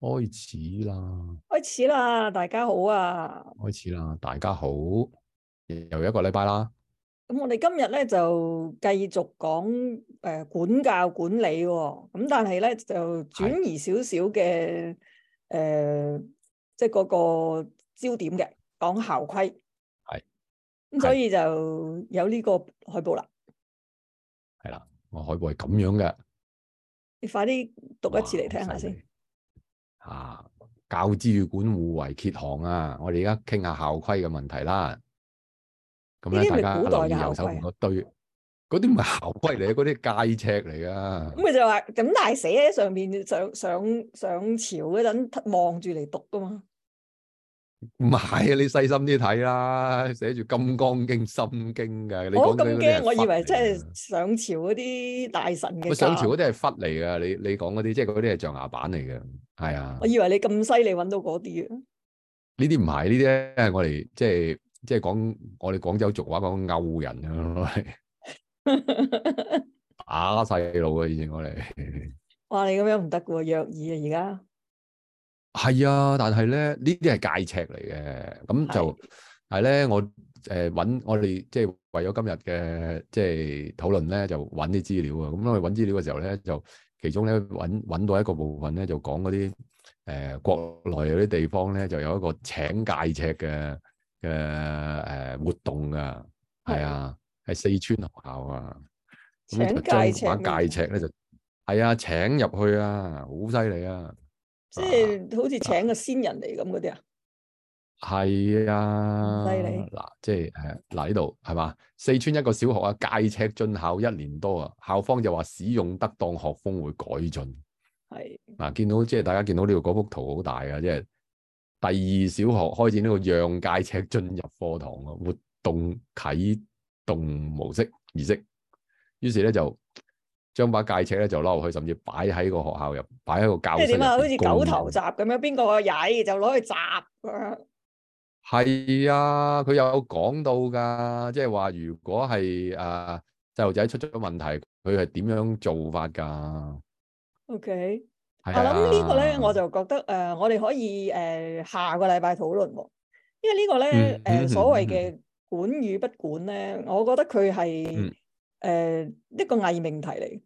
o、Okay. 開始啦！開始啦！大家好啊！開始啦！大家好，又一個禮拜啦。咁我哋今日咧就繼續講誒、呃，管教管理、哦。咁但係咧就轉移少少嘅誒是、呃，即係嗰個焦點嘅講校規。係咁是，所以就有呢個海報啦。係啦，我海報係咁樣嘅。你快啲讀一次嚟聽下先。啊，教之與管，互為頡頏啊！我哋而家傾下校規嘅問題啦。咁咧，是是古代大家攬住右手邊嗰堆，啲唔係校規嚟、啊，嗰啲界尺嚟噶。咁咪就話，咁但係寫喺上面，上上上朝嗰陣望住嚟讀噶嘛。唔係啊！你細心啲睇啦，寫住《金剛經》《心經》噶。我咁驚，我以為即係上朝嗰啲大臣。我上朝嗰啲係笏嚟噶，你你講嗰啲即係嗰啲係象牙板嚟嘅，係啊。我以為你咁犀利，揾到嗰啲啊？呢啲唔係，呢啲係我哋即係即係講我哋廣州俗話講毆人啊， 打細路啊，以前我哋。 哇，你咁樣唔得噶喎，虐兒啊！而家、啊。係啊，但係咧，呢啲係戒尺嚟嘅，咁就係咧的我誒揾我哋即係為咗今日嘅即係討論咧，就揾啲資料啊。咁我哋揾資料嘅時候咧，就其中咧揾揾到一個部分咧，就講嗰啲誒國內嗰啲地方咧，就有一個請戒尺嘅嘅誒活動的啊。係啊，喺四川學校啊，請戒尺，請戒尺咧就係啊，請入去啊，好犀利啊！即係好似請個先人嚟咁嗰啲啊？係啊，犀利嗱，即係誒，嗱呢度係嘛？四川一個小學啊，戒尺進校一年多啊，校方就話使用得當，學風會改進。係嗱，啊，見到即係、就是、大家見到呢度嗰幅圖好大啊，即係第二小學開展呢個讓戒尺進入課堂嘅活動啟動模式儀式，於是咧就。將把戒尺咧就攞落去，甚至擺喺個學校入，擺喺個教室入。即係點啊？好似九頭閘咁樣，邊個個曳就攞去閘咁樣。係啊，佢有講到噶，即係話如果係誒細路仔出咗問題，佢係點樣做法噶？OK，係啊、我諗呢個咧，我就覺得誒、呃，我哋可以誒、呃、下個禮拜討論，因為個呢個咧誒所謂嘅管與不管咧，我覺得佢係。嗯誒、呃、一個偽命題嚟，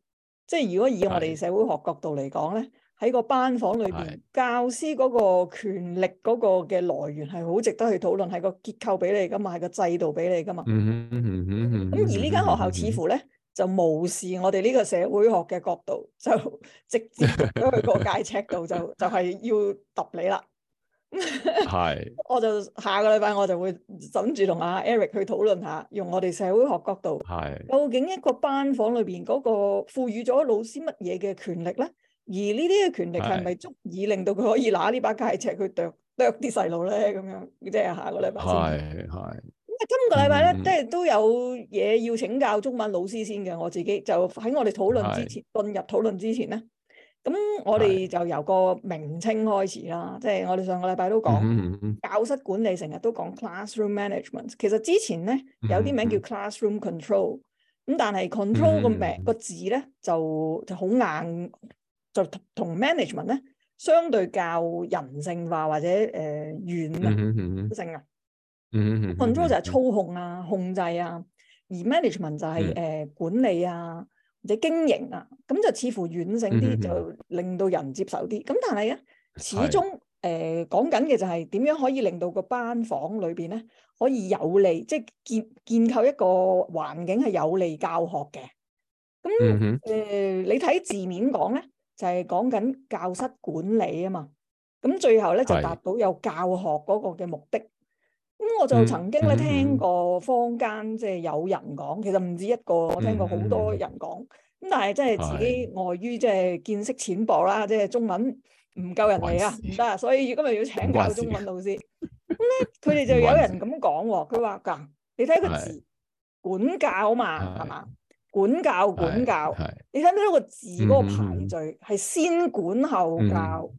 即係如果以我哋社會學角度嚟講咧，喺是個班房裏邊，是教師嗰個權力嗰個嘅來源係好值得去討論，係個結構俾你㗎嘛，係個制度俾你㗎嘛。嗯。嗯哼，嗯哼，嗯，咁而呢間學校似乎咧就無視我哋呢個社會學嘅角度，就直接去佢個界尺度就 就係要揼你啦。係， 我就下個禮拜我就會諗住同阿 Eric 去討論下，用我哋社會學角度，係是，究竟一個班房裏邊嗰個賦予咗老師乜嘢嘅權力咧？而呢啲嘅權力係咪足以令到佢可以拿呢把戒尺去啄啄啲細路咧？咁樣，即係下個禮拜先。係係。咁啊，今個禮拜咧，即係、嗯、都有嘢要請教中文老師先嘅，我自己就喺我哋討論之前，進是入討論之前咧。咁我哋就由個名稱開始啦，即、就、係、是、我哋上個禮拜都講、嗯嗯、教室管理，成日都講 classroom management。其實之前咧有啲名叫 classroom control，咁但係 control 個名、嗯、個字咧就就好硬，就同 management 咧相對較人性化或者誒、呃、軟性啊、嗯。嗯嗯嗯。control 就係操控啊、控制啊，而 management 就係、是、誒、嗯呃、管理啊。或者經營啊，咁就似乎軟性啲，嗯、哼就令到人接受啲。咁但係咧，始終誒講緊嘅就係點樣可以令到個班房裏邊咧，可以有利，即係建建構一個環境係有利教學嘅。咁誒、嗯哼呃，你睇字面講咧，就係講緊教室管理啊嘛。咁最後咧是就達到有教學嗰個嘅目的。咁我就曾經咧聽過坊間即係有人講，其實唔止一個，我聽過好多人講。咁但係真係自己礙於即係見識淺薄啦，即係中文唔夠人哋啊，唔得，所以今日要請個中文老師。咁咧，佢哋就有人咁講喎，佢話：噶，你睇個字，管教嘛，係嘛？管教管教，你睇唔睇到個字嗰個排序係先管後教？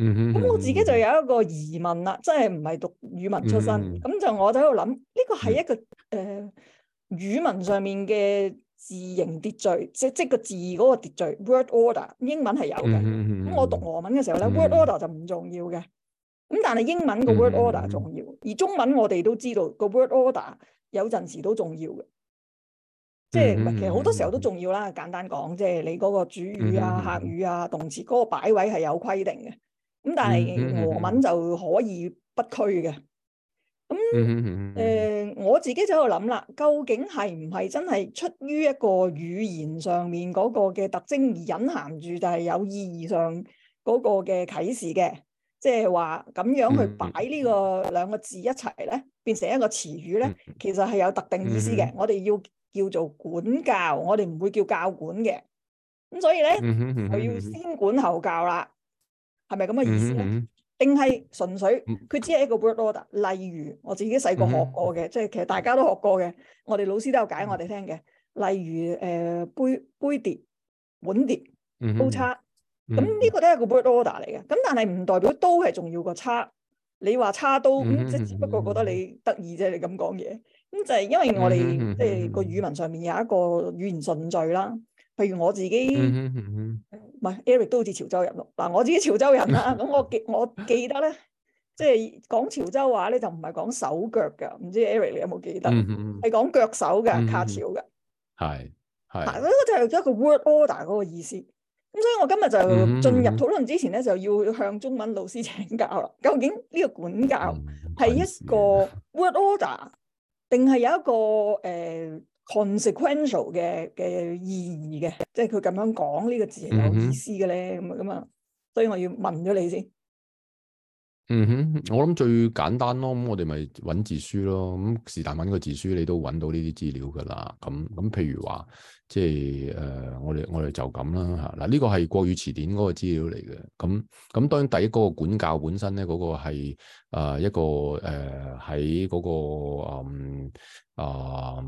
咁我自己就有一個疑問啦，即係唔係讀語文出身？咁、嗯、就我就喺度諗，呢、這個係一個誒、呃、語文上面嘅字形秩序，即即個字嗰個秩序 （word order）。英文係有嘅。咁、嗯嗯、我讀俄文嘅時候咧，word order 就唔重要嘅。咁但係英文個 word order 重要，而中文我哋都知道個 word order 有陣時都重要嘅，即係其實好多時候都重要啦。簡單講，即係你嗰個主語啊、客語啊、動詞嗰個擺位係有規定嘅。咁、嗯、但係俄文就可以不拘嘅，咁、嗯、誒、呃，我自己就喺度諗啦，究竟係唔係真係出於一個語言上面嗰個嘅特徵而隱含住，就係有意義上嗰個嘅啟示嘅，即係話咁樣去擺呢個兩個字一齊咧，變成一個詞語咧，其實係有特定意思嘅。我哋要叫做管教，我哋唔會叫教管嘅。咁、嗯、所以咧，佢要先管後教啦。係咪咁嘅意思咧？定係、mm hmm. 純粹佢只係一個 word order？例如我自己細個學過嘅，mm hmm. 即係其實大家都學過嘅，我哋老師都有解我哋聽嘅。例如誒、呃、杯杯碟碗碟刀叉，咁呢、mm hmm. 個都係一個 word order 嚟嘅。咁但係唔代表刀係重要過叉。你話叉刀咁，mm hmm. 即係只不過覺得你得意啫，你咁講嘢。咁就係因為我哋、mm hmm. 即係個語文上面有一個語言順序啦。譬如我自己。Mm hmm. 唔係 Eric 都好似潮州人咯。嗱、啊、我自己潮州人啦，咁我記我記得咧，即係講潮州話咧就唔係講手腳㗎，唔知 Eric 你有冇記得？係講腳手㗎、嗯、哼卡潮㗎。係係嗱，呢個就係一個 word order 嗰個意思。咁所以我今日就進入討論之前咧，就要向中文老師請教啦。究竟呢個管教係一個 word order，定係有一個誒？呃 Consequential 嘅嘅意義嘅，即係佢咁樣講呢個字係、嗯、哼有意思嘅咧，咁啊咁啊，所以我要問咗你先。嗯哼，我諗最簡單咯，咁我哋咪揾字書咯，咁是但揾個字書，你都揾到呢啲資料噶啦。咁咁譬如話，即係誒、呃，我哋我哋就咁啦嚇。嗱，呢個係國語辭典嗰個資料嚟嘅。咁咁當然第一嗰、嗰個管教本身咧，嗰、嗰個係、呃、一個誒喺嗰個啊。呃呃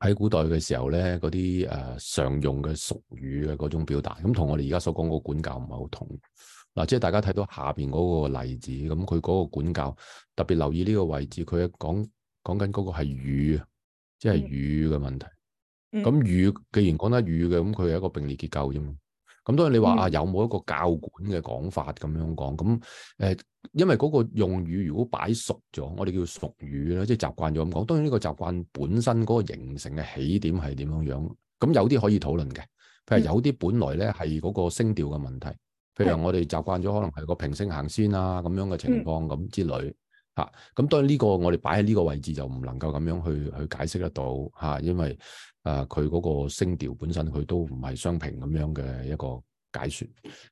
喺古代嘅時候咧，嗰啲誒常用嘅俗語嘅嗰種表達，咁、嗯、同我哋而家所講嗰個管教唔係好同嗱、啊，即係大家睇到下邊嗰個例子，咁佢嗰個管教特別留意呢個位置，佢講講緊嗰個係語，即係語嘅問題。咁、嗯、語、嗯、既然講得語嘅，咁佢係一個並列結構啫嘛。咁當然你話啊，有冇一個教管嘅講法咁樣講？咁誒、嗯，因為嗰個用語如果擺熟咗，我哋叫熟語啦，即係習慣咗咁講。當然呢個習慣本身嗰個形成嘅起點係點樣樣？咁有啲可以討論嘅，譬如有啲本來咧係嗰個聲調嘅問題，譬如我哋習慣咗可能係個平聲行先啊咁樣嘅情況咁之類嚇。咁、嗯啊、當然呢個我哋擺喺呢個位置就唔能夠咁樣去去解釋得到嚇、啊，因為。啊！佢嗰、呃、個聲調本身佢都唔係雙平咁樣嘅一個解説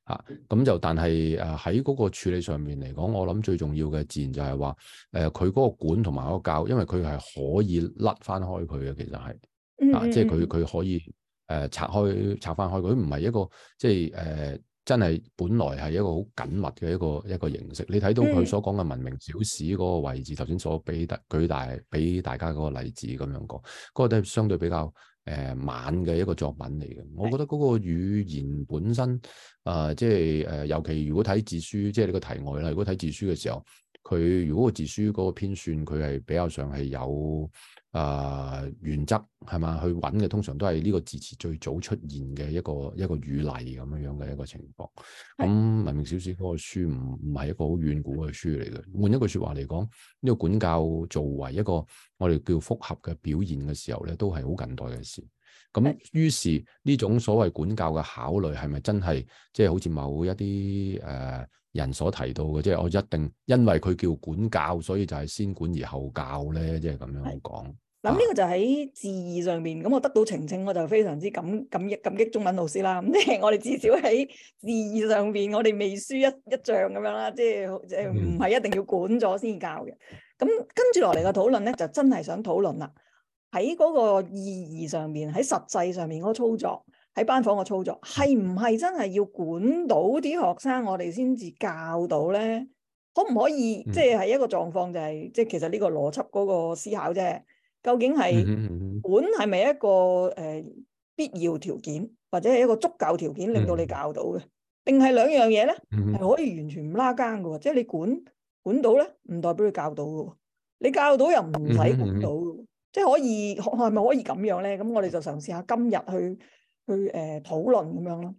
嚇，咁、啊、就但係誒喺嗰個處理上面嚟講，我諗最重要嘅自然就係話誒佢嗰個管同埋嗰個教，因為佢係可以甩翻開佢嘅，其實係啊，即係佢佢可以誒、呃、拆開拆翻開佢，唔係一個即係誒。呃真係本來係一個好緊密嘅一個一個形式，你睇到佢所講嘅文明、嗯、小史嗰個位置，頭先所俾大舉大俾大家嗰個例子咁樣講，嗰、嗰個都係相對比較誒晚嘅一個作品嚟嘅。我覺得嗰個語言本身啊、呃，即係誒、呃，尤其如果睇字書，即係你個題外啦。如果睇字書嘅時候，佢如果個字書嗰個編算，佢係比較上係有。啊，原則係嘛，去揾嘅通常都係呢個字詞最早出現嘅一個一個語例咁樣樣嘅一個情況。咁《文明小史》嗰個書唔唔係一個好遠古嘅書嚟嘅。換一句説話嚟講，呢個管教作為一個我哋叫複合嘅表現嘅時候咧，都係好近代嘅事。咁於是呢種所謂管教嘅考慮係咪真係即係好似某一啲誒人所提到嘅，即係我一定因為佢叫管教，所以就係先管然後教咧，即係咁樣講。咁呢個就喺字義上面，咁我得到澄清，我就非常之感感激感激中文老師啦。咁即係我哋至少喺字義上面，我哋未輸一一仗咁樣啦。即係唔係一定要管咗先教嘅。咁跟住落嚟嘅討論咧，就真係想討論啦。喺嗰個意義上面，喺實際上面嗰個操作，喺班房個操作，係唔係真係要管到啲學生，我哋先至教到咧？可唔可以？嗯，即係係一個狀況，就是，就係即係其實呢個邏輯嗰個思考啫？究竟係管係咪一個誒必要條件，或者係一個足夠條件令到你教到嘅？定係兩樣嘢咧，係可以完全唔拉更嘅喎。即係你管管到咧，唔代表佢教到嘅。你教到又唔使管到，即係可以，係咪可以咁樣咧？咁我哋就嘗試下今日去去誒討論咁樣咯。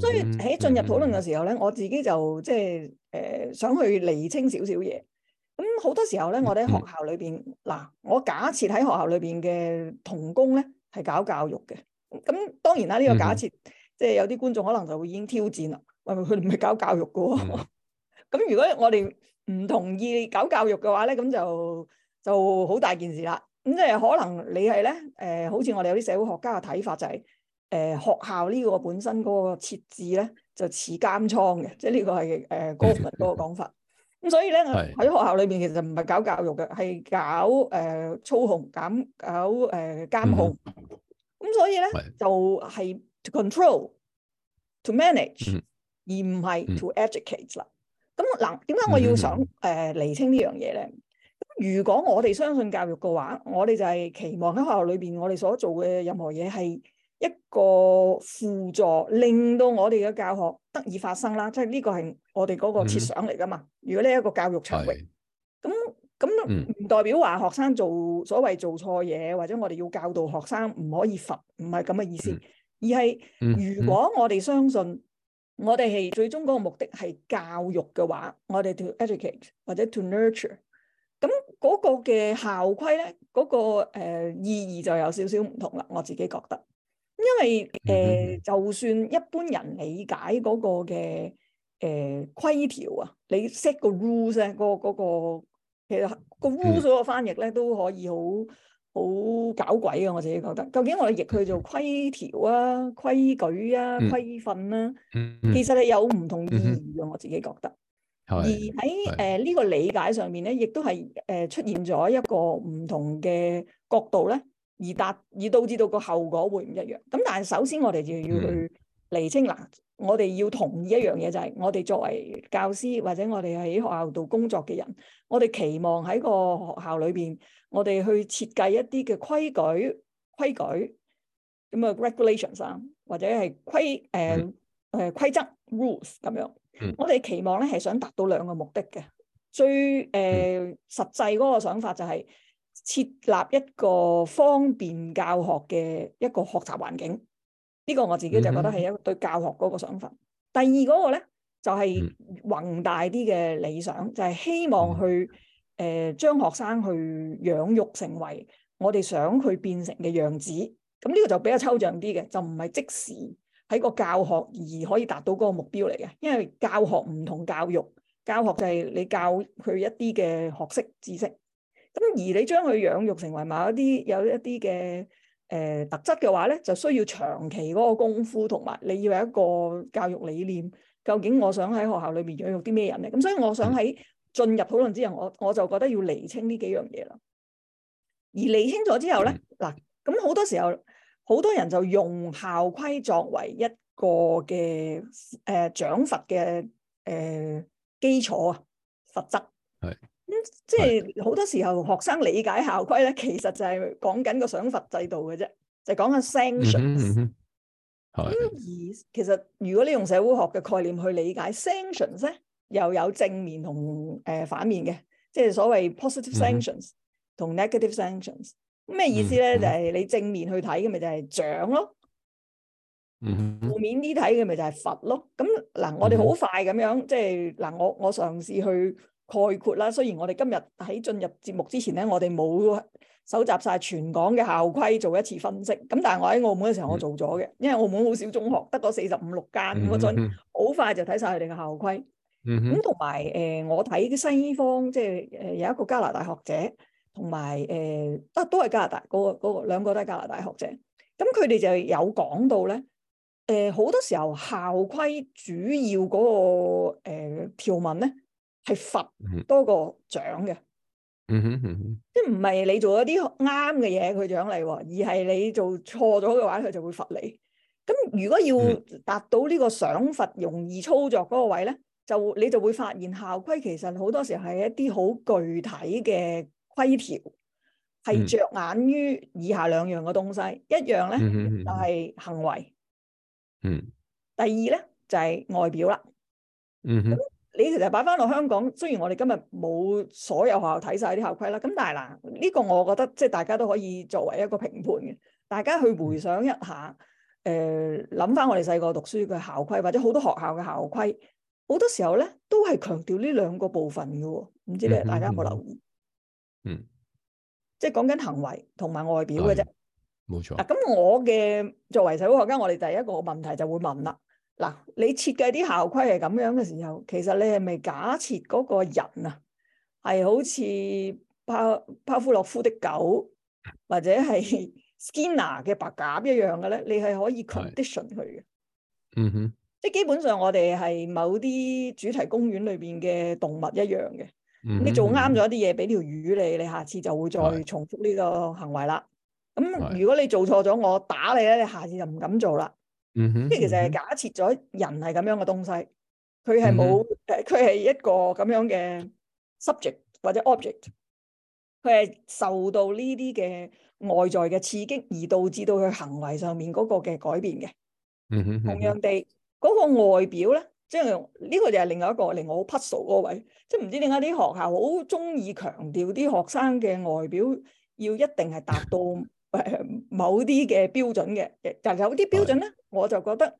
所以喺進入討論嘅時候咧，我自己就即係誒想去釐清少少嘢。咁好多時候咧，我哋喺學校裏邊嗱，我假設喺學校裏邊嘅童工咧係搞教育嘅。咁當然啦、啊，呢、這個假設即係、嗯、有啲觀眾可能就會已經挑戰啦。喂，佢唔係搞教育㗎喎、哦。咁、嗯、 如果我哋唔同意搞教育嘅話咧，咁就就好大件事啦。咁即係可能你係咧，誒、呃，好似我哋有啲社會學家嘅睇法就係、是，誒、呃，學校呢個本身嗰個設置咧就似監倉嘅，即係呢個係誒、呃、高文嗰個講法。 咁所以咧，喺學校裏邊其實唔係搞教育嘅，係搞誒、呃、操控、減、搞誒監控。咁、mm hmm. 所以咧，mm hmm. 就係 to control，to manage，、mm hmm. 而唔係 to educate 啦。咁嗱、mm，點、hmm. 解我要想誒、呃、厘清呢樣嘢咧？咁如果我哋相信教育嘅話，我哋就係期望喺學校裏邊，我哋所做嘅任何嘢係。一個輔助令到我哋嘅教學得以發生啦，即係呢個係我哋嗰個設想嚟噶嘛。嗯、如果你一個教育場域，咁咁唔代表話學生做所謂做錯嘢，或者我哋要教導學生唔可以罰，唔係咁嘅意思。嗯、而係如果我哋相信我哋係最終嗰個目的係教育嘅話，我哋 to educate 或者 to nurture，咁嗰個嘅校規咧，嗰、嗰個誒、呃、意義就有少少唔同啦。我自己覺得。因為誒、呃，就算一般人理解嗰個嘅誒、呃、規條啊，你 set 個 rules，嗰個 rules 個嗰個，其實個 rules 個翻譯咧都可以好好搞鬼啊。我自己覺得，究竟我哋譯佢做規條啊、規矩啊、規訓啦、啊，嗯、其實係有唔同意義嘅。嗯、我自己覺得，的而喺誒呢個理解上面咧，亦都係誒、呃、出現咗一個唔同嘅角度咧。而達而導致到個後果會唔一樣咁，但係首先我哋就要去厘清。嗱，嗯、我哋要同意一樣嘢就係、是，我哋作為教師或者我哋喺學校度工作嘅人，我哋期望喺個學校裏邊，我哋去設計一啲嘅規矩、規矩咁啊 regulation 上，或者係規誒誒規則 rules 咁樣，嗯、我哋期望咧係想達到兩個目的嘅，最誒、呃、實際嗰個想法就係、是。設立一個方便教學嘅一個學習環境，呢、這個我自己就覺得係一對教學嗰個想法。第二嗰個呢，就係、是、宏大啲嘅理想，就係、是、希望去誒將、呃、學生去養育成為我哋想佢變成嘅樣子。咁呢個就比較抽象啲嘅，就唔係即時喺個教學而可以達到嗰個目標嚟嘅。因為教學唔同教育，教學就係你教佢一啲嘅學識知識。咁而你將佢養育成為某一啲有一啲嘅誒特質嘅話咧，就需要長期嗰個功夫，同埋你要有一個教育理念。究竟我想喺學校裏面養育啲咩人咧？咁所以我想喺進入討論之後，我我就覺得要釐清呢幾樣嘢啦。而釐清咗之後咧，嗱、嗯，咁好多時候，好多人就用校規作為一個嘅誒獎罰嘅誒基礎啊，罰則。嗯、即係好多時候學生理解校規咧，其實就係講緊個賞罰制度嘅啫，就講、是、個 sanctions。咁、mm hmm. 嗯、而其實如果你用社會學嘅概念去理解 sanctions 咧，又有正面同誒、呃、反面嘅，即係所謂 positive sanctions 同、mm hmm. negative sanctions。咩意思咧？Mm hmm. 就係你正面去睇嘅咪就係獎咯，負、mm hmm. 面啲睇嘅咪就係罰咯。咁嗱，我哋好快咁樣，即係嗱，我我嘗試去。概括啦。雖然我哋今日喺進入節目之前咧，我哋冇搜集晒全港嘅校規做一次分析。咁但係我喺澳門嘅時候，我做咗嘅，嗯、因為澳門好少中學，得個四十五六間咁，所以好快就睇晒佢哋嘅校規。咁同埋誒，我睇西方即係誒有一個加拿大學者，同埋誒都都係加拿大嗰、那個嗰、那個兩個都係加拿大學者。咁佢哋就有講到咧，誒、呃、好多時候校規主要嗰、那個誒條、呃、文咧。係罰多過獎嘅，嗯哼嗯、哼即係唔係你做一啲啱嘅嘢佢獎勵，而係你做錯咗嘅話佢就會罰你。咁如果要達到呢個賞罰容易操作嗰個位咧，就你就會發現校規其實好多時候係一啲好具體嘅規條，係着眼於以下兩樣嘅東西，嗯嗯、一樣咧就係、是、行為，嗯哼，第二咧就係、是、外表啦，嗯哼。嗯哼你其實擺翻落香港，雖然我哋今日冇所有學校睇晒啲校規啦，咁但係嗱，呢、這個我覺得即係大家都可以作為一個評判嘅，大家去回想一下，誒諗翻我哋細個讀書嘅校規，或者好多學校嘅校規，好多時候咧都係強調呢兩個部分嘅喎，唔知你大家有冇留意？嗯，嗯嗯即係講緊行為同埋外表嘅啫。冇錯。嗱、啊，咁我嘅作為社會學家，我哋第一個問題就會問啦。嗱，你設計啲校規係咁樣嘅時候，其實你係咪假設嗰個人啊，係好似巴巴夫洛夫的狗或者係 Skinner 嘅白鴿一樣嘅咧？你係可以 condition 佢嘅，嗯哼，即係基本上我哋係某啲主題公園裏邊嘅動物一樣嘅，嗯、哼你做啱咗啲嘢，俾條魚你，你下次就會再重複呢個行為啦。咁是如果你做錯咗，我打你咧，你下次就唔敢做啦。嗯哼，即係其實係假設咗人係咁樣嘅東西，佢係冇誒，佢係 一個咁樣嘅 subject 或者 object，佢係受到呢啲嘅外在嘅刺激，而導致到佢行為上面嗰個嘅改變嘅。嗯哼， 同樣地，嗰個外表咧，即係呢個就係另外一個令我好 puzzle 嗰位，即係唔知點解啲學校好中意強調啲學生嘅外表要一定係達到 某啲嘅標準嘅，就有啲標準咧。 我就覺得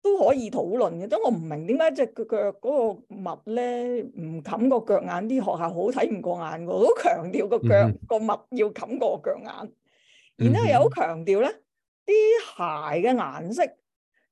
都可以討論嘅，都我唔明點解隻腳腳嗰個襪咧唔冚個腳眼，啲學校好睇唔過眼嘅，都強調個腳、mm hmm. 個襪要冚過腳眼，然之後又好強調咧啲鞋嘅顏色，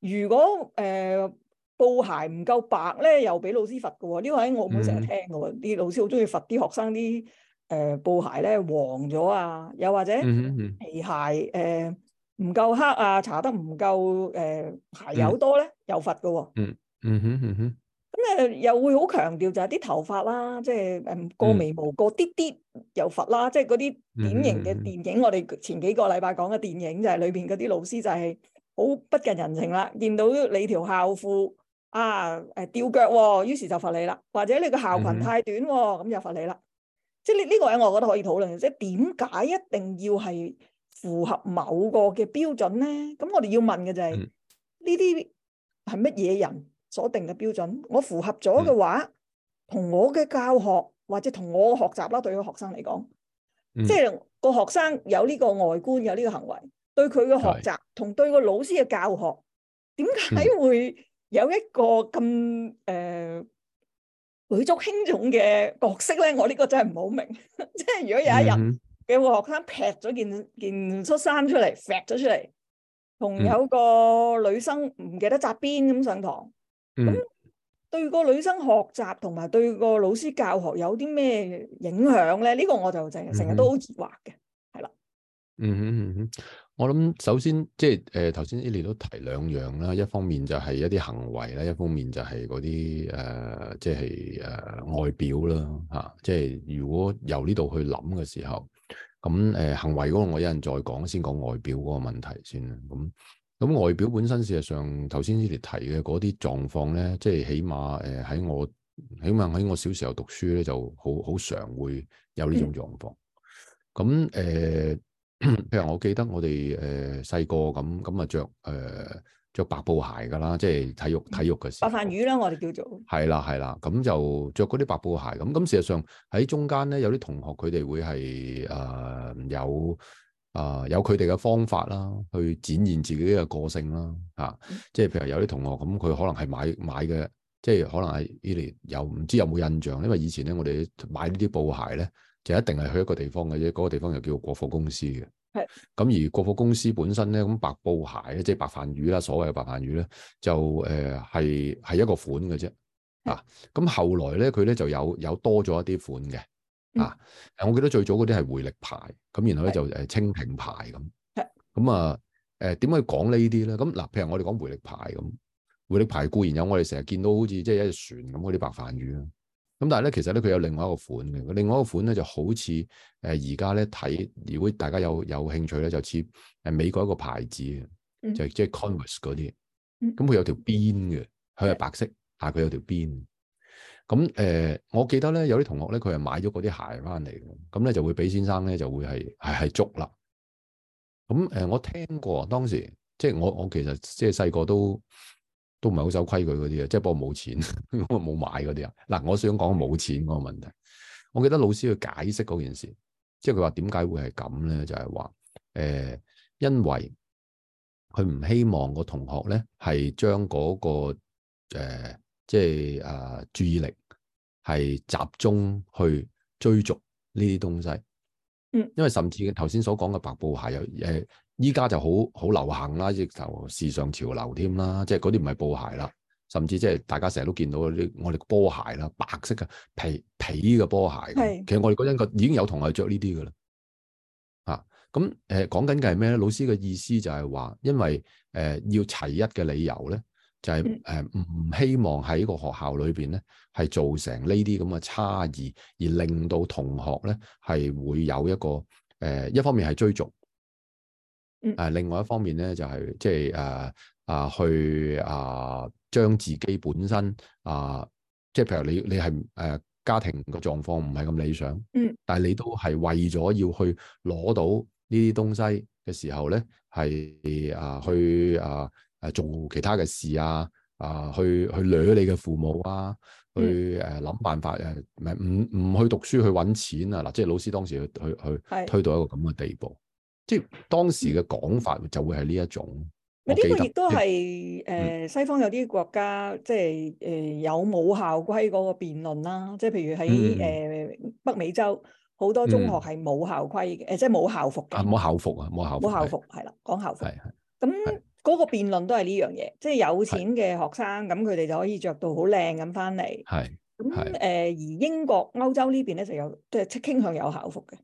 如果誒、呃、布鞋唔夠白咧，又俾老師罰嘅喎、哦。呢個係我會成日聽嘅喎，啲、mm hmm. 老師好中意罰啲學生啲誒、呃、布鞋咧黃咗啊，又或者、mm hmm. 皮鞋誒。呃唔夠黑啊，搽得唔夠誒，鞋、呃、油多咧，又罰噶、哦。嗯嗯哼嗯哼。咁 啊，又會好強調就係啲頭髮啦，即係誒過眉毛過啲啲 又罰啦，即係嗰啲典型嘅電影。我哋前幾個禮拜講嘅電影就係裏邊嗰啲老師就係好不近人情啦，見到你條校褲啊誒、啊、吊腳、哦，於是就罰你啦。或者你個校裙太短、哦，咁又罰你啦。即係呢呢個位，我覺得可以討論。即係點解一定要係？符合某個嘅標準咧，咁我哋要問嘅就係呢啲係乜嘢人所定嘅標準？我符合咗嘅話，嗯、同我嘅教學或者同我嘅學習啦，對於學生嚟講，嗯、即係個學生有呢個外觀，有呢個行為，對佢嘅學習是同對個老師嘅教學，點解會有一個咁誒舉足輕重嘅角色咧？我呢個真係唔好明。 即係如果有一日、嗯。有個學生劈咗件件恤衫出嚟，甩咗出嚟，同有個女生唔記得扎邊咁上堂，咁、嗯、對個女生學習同埋對個老師教學有啲咩影響咧？呢、呢個我就成成日都好疑惑嘅，係啦、嗯的嗯。嗯嗯嗯。嗯我諗首先即係誒，頭先 Eli 都提兩樣啦，一方面就係一啲行為咧，一方面就係嗰啲誒，即係誒、呃、外表啦吓、啊。即係如果由呢度去諗嘅時候，咁誒、呃、行為嗰個我一陣再講，先講外表嗰個問題先啦。咁咁外表本身事實上，頭先 Eli 提嘅嗰啲狀況咧，即係起碼誒喺我起碼喺我小時候讀書咧就好好常會有呢種狀況。咁誒、嗯。譬如我記得我哋誒細個咁咁，啊着誒着白布鞋，噶啦，即係體育體育嘅時候。白飯魚啦，我哋叫做。係啦係啦，咁就着嗰啲白布鞋，咁咁事實上喺中間咧，有啲同學佢哋會係誒、呃、有誒、呃、有佢哋嘅方法啦，去展現自己嘅個性啦，吓、啊，即係譬如有啲同學咁，佢可能係買買嘅，即係可能係呢年又唔知有冇印象，因為以前咧我哋買呢啲布鞋咧。就一定係去一個地方嘅啫，嗰、那個地方又叫做國貨公司嘅。係的。咁而國貨公司本身咧，咁白布鞋咧，即係白飯魚啦，所謂嘅白飯魚咧，就誒係係一個款嘅啫的、啊。啊，咁後來咧，佢咧就有有多咗一啲款嘅。啊，我記得最早嗰啲係回力牌，咁然後咧的就誒蜻蜓牌、清平牌咁。咁的啊，誒點解講呢啲咧？咁嗱，譬如我哋講回力牌咁，回力牌固然有我哋成日見到好，好似即係一隻船咁嗰啲白飯魚啊。咁但係咧，其實咧佢有另外一個款嘅。另外一個款咧就好似誒而家咧睇，如果大家有有興趣咧，就似誒美國一個牌子嘅，就係即係 Converse 嗰啲。咁佢有條邊嘅，佢係白色，但係佢有條邊。咁誒，我記得咧有啲同學咧，佢係買咗嗰啲鞋翻嚟，咁咧就會俾先生咧就會係係係捉啦。咁誒，我聽過當時即係我我其實即係細個都。都唔係好守規矩嗰啲啊，即係不過冇錢，我 冇買嗰啲啊。嗱，我想講冇錢嗰個問題。我記得老師去解釋嗰件事，即係佢話點解會係咁咧？就係話誒，因為佢唔希望個同學咧係將嗰、嗰個、呃、即係誒、呃、注意力係集中去追逐呢啲東西。嗯，因為甚至頭先所講嘅白布鞋又誒。呃依家就好好流行啦，依頭時尚潮流添啦，即係嗰啲唔係布鞋啦，甚至即係大家成日都見到啲我哋波鞋啦，白色嘅皮皮嘅波鞋。是其實我哋嗰陣已經有同學着呢啲嘅啦。啊，咁誒講緊嘅係咩咧？老師嘅意思就係話，因為誒、呃、要齊一嘅理由咧，就係誒唔希望喺個學校裏邊咧係造成呢啲咁嘅差異，而令到同學咧係會有一個誒、呃、一方面係追逐。誒另外一方面咧，就係、係、即係誒啊，啊，去啊，將自己本身啊，即係譬如你你係誒、啊、家庭嘅狀況唔係咁理想，嗯，但係你都係為咗要去攞到呢啲東西嘅時候咧，係啊去啊誒做其他嘅事啊，啊去去掠你嘅父母啊，嗯、去誒諗辦法誒，唔唔去讀書去揾錢啊，嗱，即係老師當時去去去推到一個咁嘅地步。即係當時嘅講法就會係呢一種。呢個亦都係誒西方有啲國家即係誒有冇校規嗰個辯論啦，即係譬如喺誒、嗯呃、北美洲好多中學係冇校規嘅，嗯、即係冇校服嘅。冇、啊、校服啊，冇校冇校服係啦，講校服。係係。咁嗰個辯論都係呢樣嘢，即係有錢嘅學生咁佢哋就可以着到好靚咁翻嚟。係。咁誒而英國歐洲呢邊咧就有，即係傾向有校服嘅。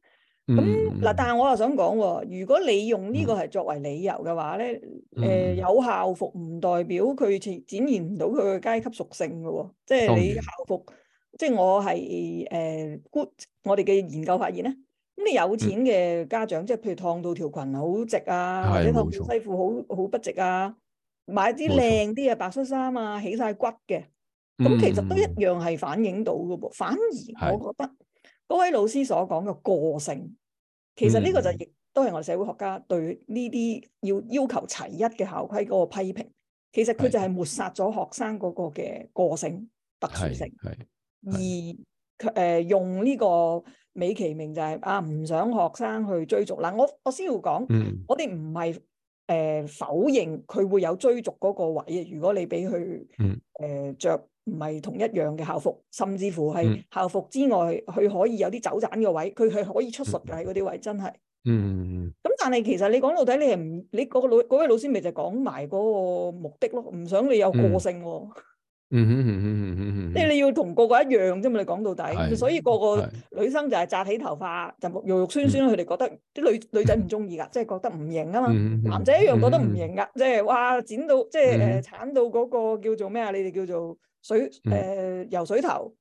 咁嗱，嗯、但係我又想講喎，如果你用呢個係作為理由嘅話咧，誒、嗯呃，有校服唔代表佢展展現唔到佢嘅階級屬性嘅喎，即係你校服，然即係我係誒、呃、good。我哋嘅研究發現咧，咁你有錢嘅家長，即係、嗯、譬如燙到條裙好直啊，是或者套條西褲好好不直啊，買啲靚啲嘅白恤衫啊，起晒骨嘅，咁錯、嗯、其實都一樣係反映到嘅噃。反而我覺得、嗯。各位老師所講嘅個性，其實呢個就亦都係我哋社會學家對呢啲要要求齊一嘅校規嗰個批評。其實佢就係抹殺咗學生嗰個嘅個性的特殊性，的而誒、呃、用呢個美其名就係、是、啊唔想學生去追逐。嗱，我我先要講，嗯、我哋唔係誒否認佢會有追逐嗰個位。如果你俾佢誒著，呃着唔係同一樣嘅校服，甚至乎係校服之外，佢可以有啲走盞嘅位，佢係可以出術嘅喺嗰啲位，真係。嗯。咁但係其實你講到底，你係唔你嗰個老嗰位老師咪就講埋嗰個目的咯，唔想你有個性。嗯嗯嗯嗯嗯嗯。即係你要同個個一樣啫嘛，你講到底，所以個個女生就係扎起頭髮，就肉肉酸酸，佢哋覺得啲女女仔唔中意噶，即係覺得唔型啊嘛。男仔一樣覺得唔型噶，即係哇剪到即係誒，鏟到嗰個叫做咩啊？你哋叫做。水誒、呃、游水頭，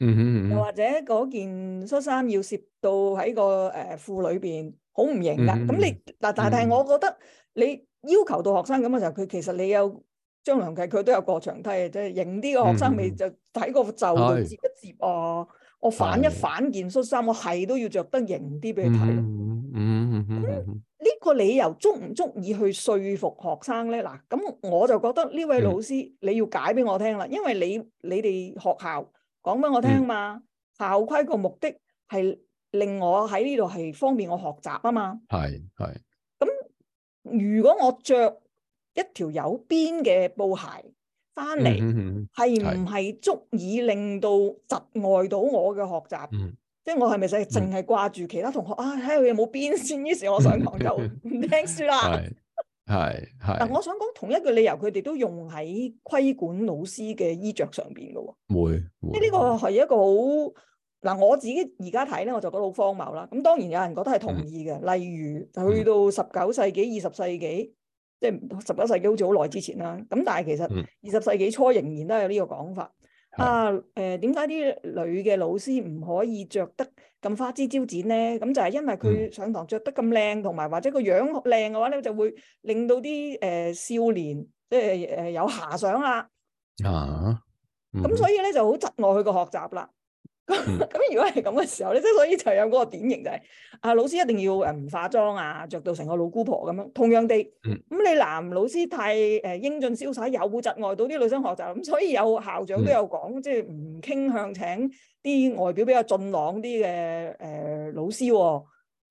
嗯哼、mm，hmm. 又或者嗰件恤衫要攝到喺個誒、呃、褲裏邊，好唔型噶。咁、mm hmm. 你嗱，但係我覺得你要求到學生咁嘅時候，佢其實，你有張良計，佢都有過牆梯嘅，即係型啲嘅學生咪就睇個袖都折一接。啊！Mm hmm. 我反一反件恤衫，mm hmm. 我係都要着得型啲俾佢睇。呢個理由足唔足以去說服學生呢？嗱，咁我就覺得呢位老師你要解俾我聽啦，因為你你哋學校講俾我聽嘛，校規個目的係令我喺呢度係方便我學習啊嘛。係係。咁如果我著一條有邊嘅布鞋翻嚟，係唔係足以令到窒礙到我嘅學習？即我係咪使淨係掛住其他同學、嗯、啊？睇佢有冇邊線？ 於是我想講就唔聽書啦。係係。但，我想講同一個理由，佢哋 都用喺規管老師嘅衣着上邊嘅喎。會。呢個係一個好嗱、啊，我自己而家睇咧，我就覺得好荒謬啦。咁當然有人覺得係同意嘅，嗯、例如去到十九世紀、二十、嗯、世紀，即係十九世紀好似好耐之前啦。咁但係其實二十世紀初仍然都有呢個講法。啊，誒點解啲女嘅老師唔可以着得咁花枝招展咧？咁就係因為佢上堂着得咁靚，同埋、嗯、或者個樣靚嘅話咧，就會令到啲誒、呃、少年即係誒有遐想啦。啊，咁、嗯、所以咧就好窒礙佢個學習啦。咁 如果係咁嘅時候咧，即係所以就有嗰個典型就係、是、啊，老師一定要誒唔化妝啊，着到成個老姑婆咁樣。同樣地，咁、嗯嗯、你男老師太誒英俊瀟灑、有氣質外到啲女生學習。咁所以有校長都有講，即係唔傾向請啲外表比較俊朗啲嘅誒老師。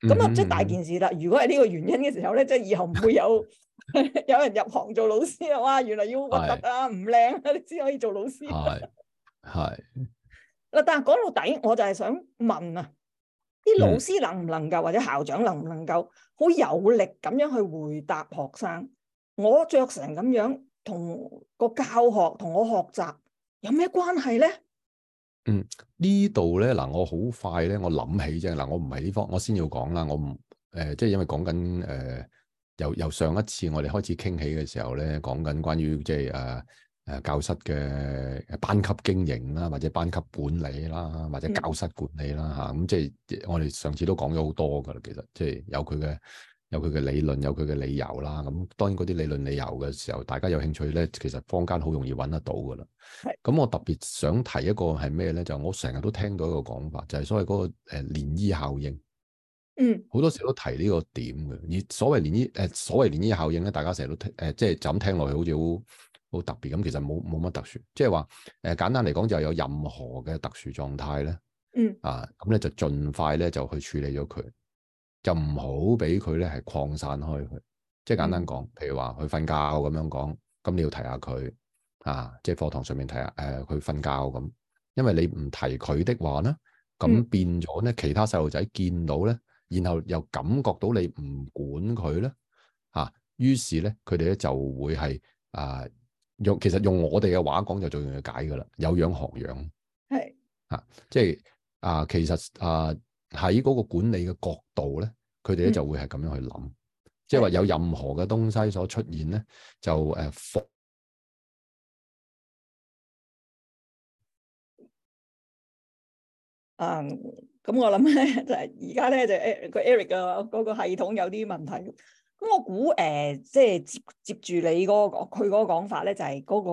咁啊，即係大件事啦。如果係呢個原因嘅時候咧，即、就、係、是、以後唔會有 有人入行做老師。哇，原來要核突啊，唔靚是啊，靚你先可以做老師。係。 是 嗱，但係講到底，我就係想問啊，啲老師能唔能夠或者校長能唔能夠好有力咁樣去回答學生？我著成咁樣同個教學同我學習有咩關係咧？嗯，呢度咧，嗱，我好快咧，我諗起啫。嗱，我唔係呢方，我先要講啦。我唔誒，即係因為講緊誒，由由上一次我哋開始傾起嘅時候咧，講緊關於即係誒。誒教室嘅班級經營啦，或者班級管理啦，或者教室管理啦嚇，咁、嗯嗯、即係我哋上次都講咗好多噶啦，其實即係有佢嘅有佢嘅理論，有佢嘅理，理由啦。咁、嗯、當然嗰啲理論理由嘅時候，大家有興趣咧，其實坊間好容易揾得到噶啦。係是。咁我特別想提一個係咩咧？就是、我成日都聽到一個講法，就係、是、所謂嗰、那個誒漣漪效應。嗯、呃。好多時候都提呢個點嘅，而所謂漣漪誒所謂漣漪效應咧、嗯呃，大家成日都誒、呃呃、即係就咁聽落去好，好似好～好特別咁，其實冇冇乜特殊，即係話誒簡單嚟講，就有任何嘅特殊狀態咧。嗯啊，咁咧就盡快咧就去處理咗佢，就唔好俾佢咧係擴散開佢。即係簡單講，譬如話去瞓覺咁樣講，咁你要提下佢啊，即係課堂上面提下誒佢瞓覺咁。因為你唔提佢的話咧，咁變咗咧其他細路仔見到咧，然後又感覺到你唔管佢咧，嚇，啊，於是咧佢哋咧就會係啊～用其實用我哋嘅話講就最容易解㗎喇，有樣學樣。係啊是，即係啊，其實啊喺嗰個管理嘅角度咧，佢哋咧就會係咁樣去諗，即係話有任何嘅東西所出現咧，就誒服。啊，咁、嗯嗯、我諗咧就係而家咧就誒 Eric 嘅嗰個系統有啲問題。咁我估誒、呃，即係接接住你嗰、那個佢嗰個講法咧，就係、是、嗰、那個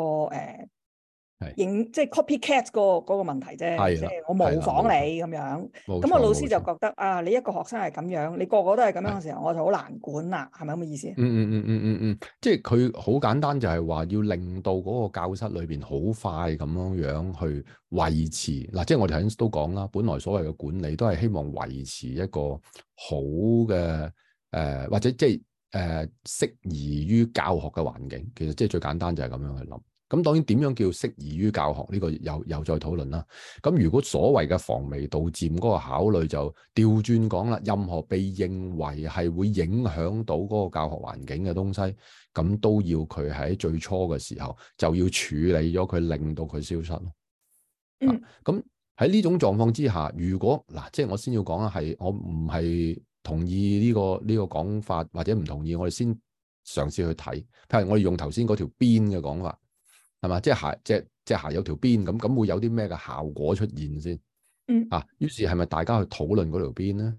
誒影、呃是，即係 copycat 嗰個嗰個問題啫。即係的我模仿你咁的樣，咁我錯老師就覺得錯啊，你一個學生係咁樣，你個個都係咁樣嘅時候，的我就好難管啦。係咪咁嘅意思？嗯嗯嗯嗯嗯嗯，嗯，嗯，嗯，即係佢好簡單，就係話要令到嗰個教室裏邊好快咁樣樣去維持嗱、啊，即係我哋頭先都講啦，本來所謂嘅管理都係希望維持一個好嘅誒、呃，或者即係。誒，適宜於教學嘅環境，其實即係最簡單就係咁樣去諗。咁當然點樣叫適宜於教學呢？個又又再討論啦。咁如果所謂嘅防微杜漸嗰個考慮就調轉講啦，任何被認為係會影響到嗰個教學環境嘅東西，咁都要佢喺最初嘅時候就要處理咗佢，令到佢消失。嗯。咁喺呢種狀況之下，如果嗱、啊，即係我先要講啦，係我唔係。同意呢、呢個呢、呢個講法，或者唔同意，我哋先嘗試去睇。譬如我哋用頭先嗰條邊嘅講法，係嘛？即係鞋，即係即係鞋有條邊咁，咁會有啲咩嘅效果出現先？嗯啊，於是係咪大家去討論嗰條邊咧？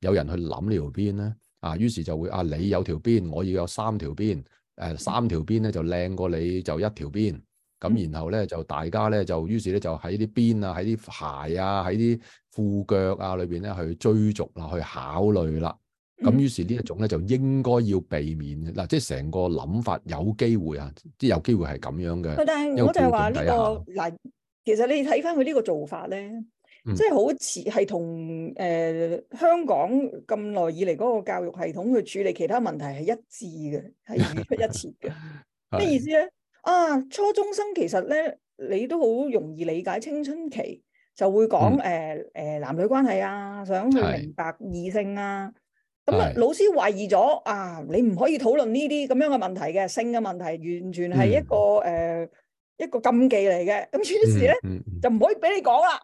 有人去諗呢條邊咧？啊，於是就會啊，你有條邊，我要有三條邊，誒、啊，三條邊咧就靚過你就一條邊。咁然後咧就大家咧就於是咧就喺啲邊啊，喺啲鞋啊，喺啲褲腳啊裏邊咧去追逐啦，去考慮啦。咁於是呢一種咧就應該要避免嗱，嗯、即係成個諗法有機會啊，即係有機會係咁樣嘅。但係我就係話呢個嗱、這個，其實你睇翻佢呢個做法咧，即係、嗯、好似係同誒香港咁耐以嚟嗰個教育系統去處理其他問題係一致嘅，係語出一致嘅。咩 的意思咧？啊，初中生其實咧，你都好容易理解，青春期就會講誒誒男女關係啊，想去明白異性啊，咁啊是老師懷疑咗啊，你唔可以討論呢啲咁樣嘅問題嘅性嘅問題，完全係一個誒、嗯呃、一個禁忌嚟嘅，咁於是咧就唔可以俾你講啦，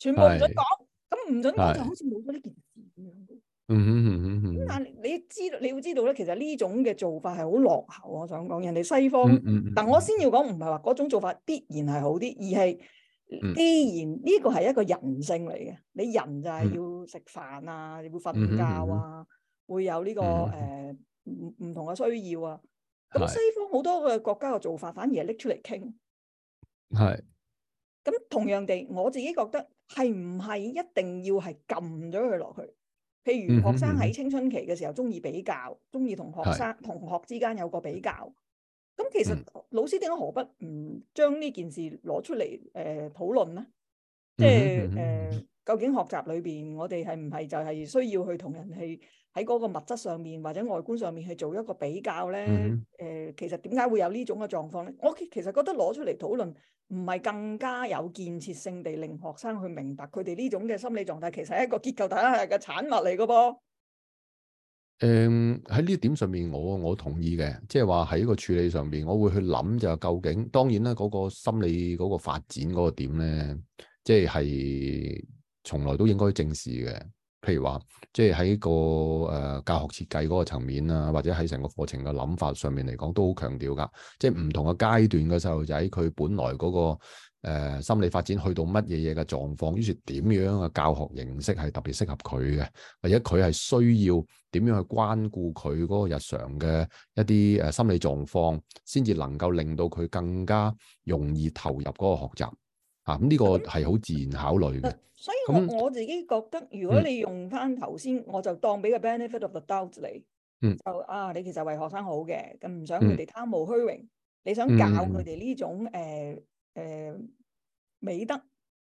全部唔准講，咁唔是准講就好似冇咗呢件。嗯嗯嗯嗯咁但係你知道，你要知道咧，其實呢種嘅做法係好落後。我想講，人哋西方，嗯嗯、但我先要講，唔係話嗰種做法必然係好啲，而係既然呢個係一個人性嚟嘅。你人就係要食飯啊，嗯、要瞓覺啊，嗯嗯、會有呢、這個誒唔唔同嘅需要啊。咁西方好多嘅國家嘅做法，反而係拎出嚟傾。係。咁同樣地，我自己覺得係唔係一定要係撳咗佢落去。譬如學生喺青春期嘅時候，中意比較，中意同學生是同學之間有個比較。咁其實老師點解何不唔將呢件事攞出嚟誒討論呢？即、就、係、係呃、究竟學習裏邊我哋係唔係就係需要去同人去。喺嗰個物質上面或者外觀上面去做一個比較咧，誒、嗯，其實點解會有呢種嘅狀況咧？我其實覺得攞出嚟討論唔係更加有建設性地令學生去明白佢哋呢種嘅心理狀態，其實係一個結構大壓力嘅產物嚟嘅噃。誒、嗯，喺呢一點上面，我我同意嘅，即係話喺個處理上邊，我會去諗就係究竟，當然啦，嗰、嗰個心理嗰個發展嗰個點咧，即、就、係、是、從來都應該正視嘅。譬如話，即係喺個誒教學設計嗰個層面啊，或者喺成個課程嘅諗法上面嚟講，都好強調㗎。即係唔同嘅階段嘅細路仔，佢本來嗰個誒心理發展去到乜嘢嘢嘅狀況，於是點樣嘅教學形式係特別適合佢嘅，或者佢係需要點樣去關顧佢嗰個日常嘅一啲誒心理狀況，先至能夠令到佢更加容易投入嗰個學習。啊，呢、這個係好自然考慮嘅、呃。所以我 我自己覺得，如果你用翻頭先，我就當俾個 benefit of the doubt、嗯、你。嗯。就啊，你其實為學生好嘅，咁唔想佢哋貪慕虛榮，嗯、你想教佢哋呢種誒誒、呃呃、美德，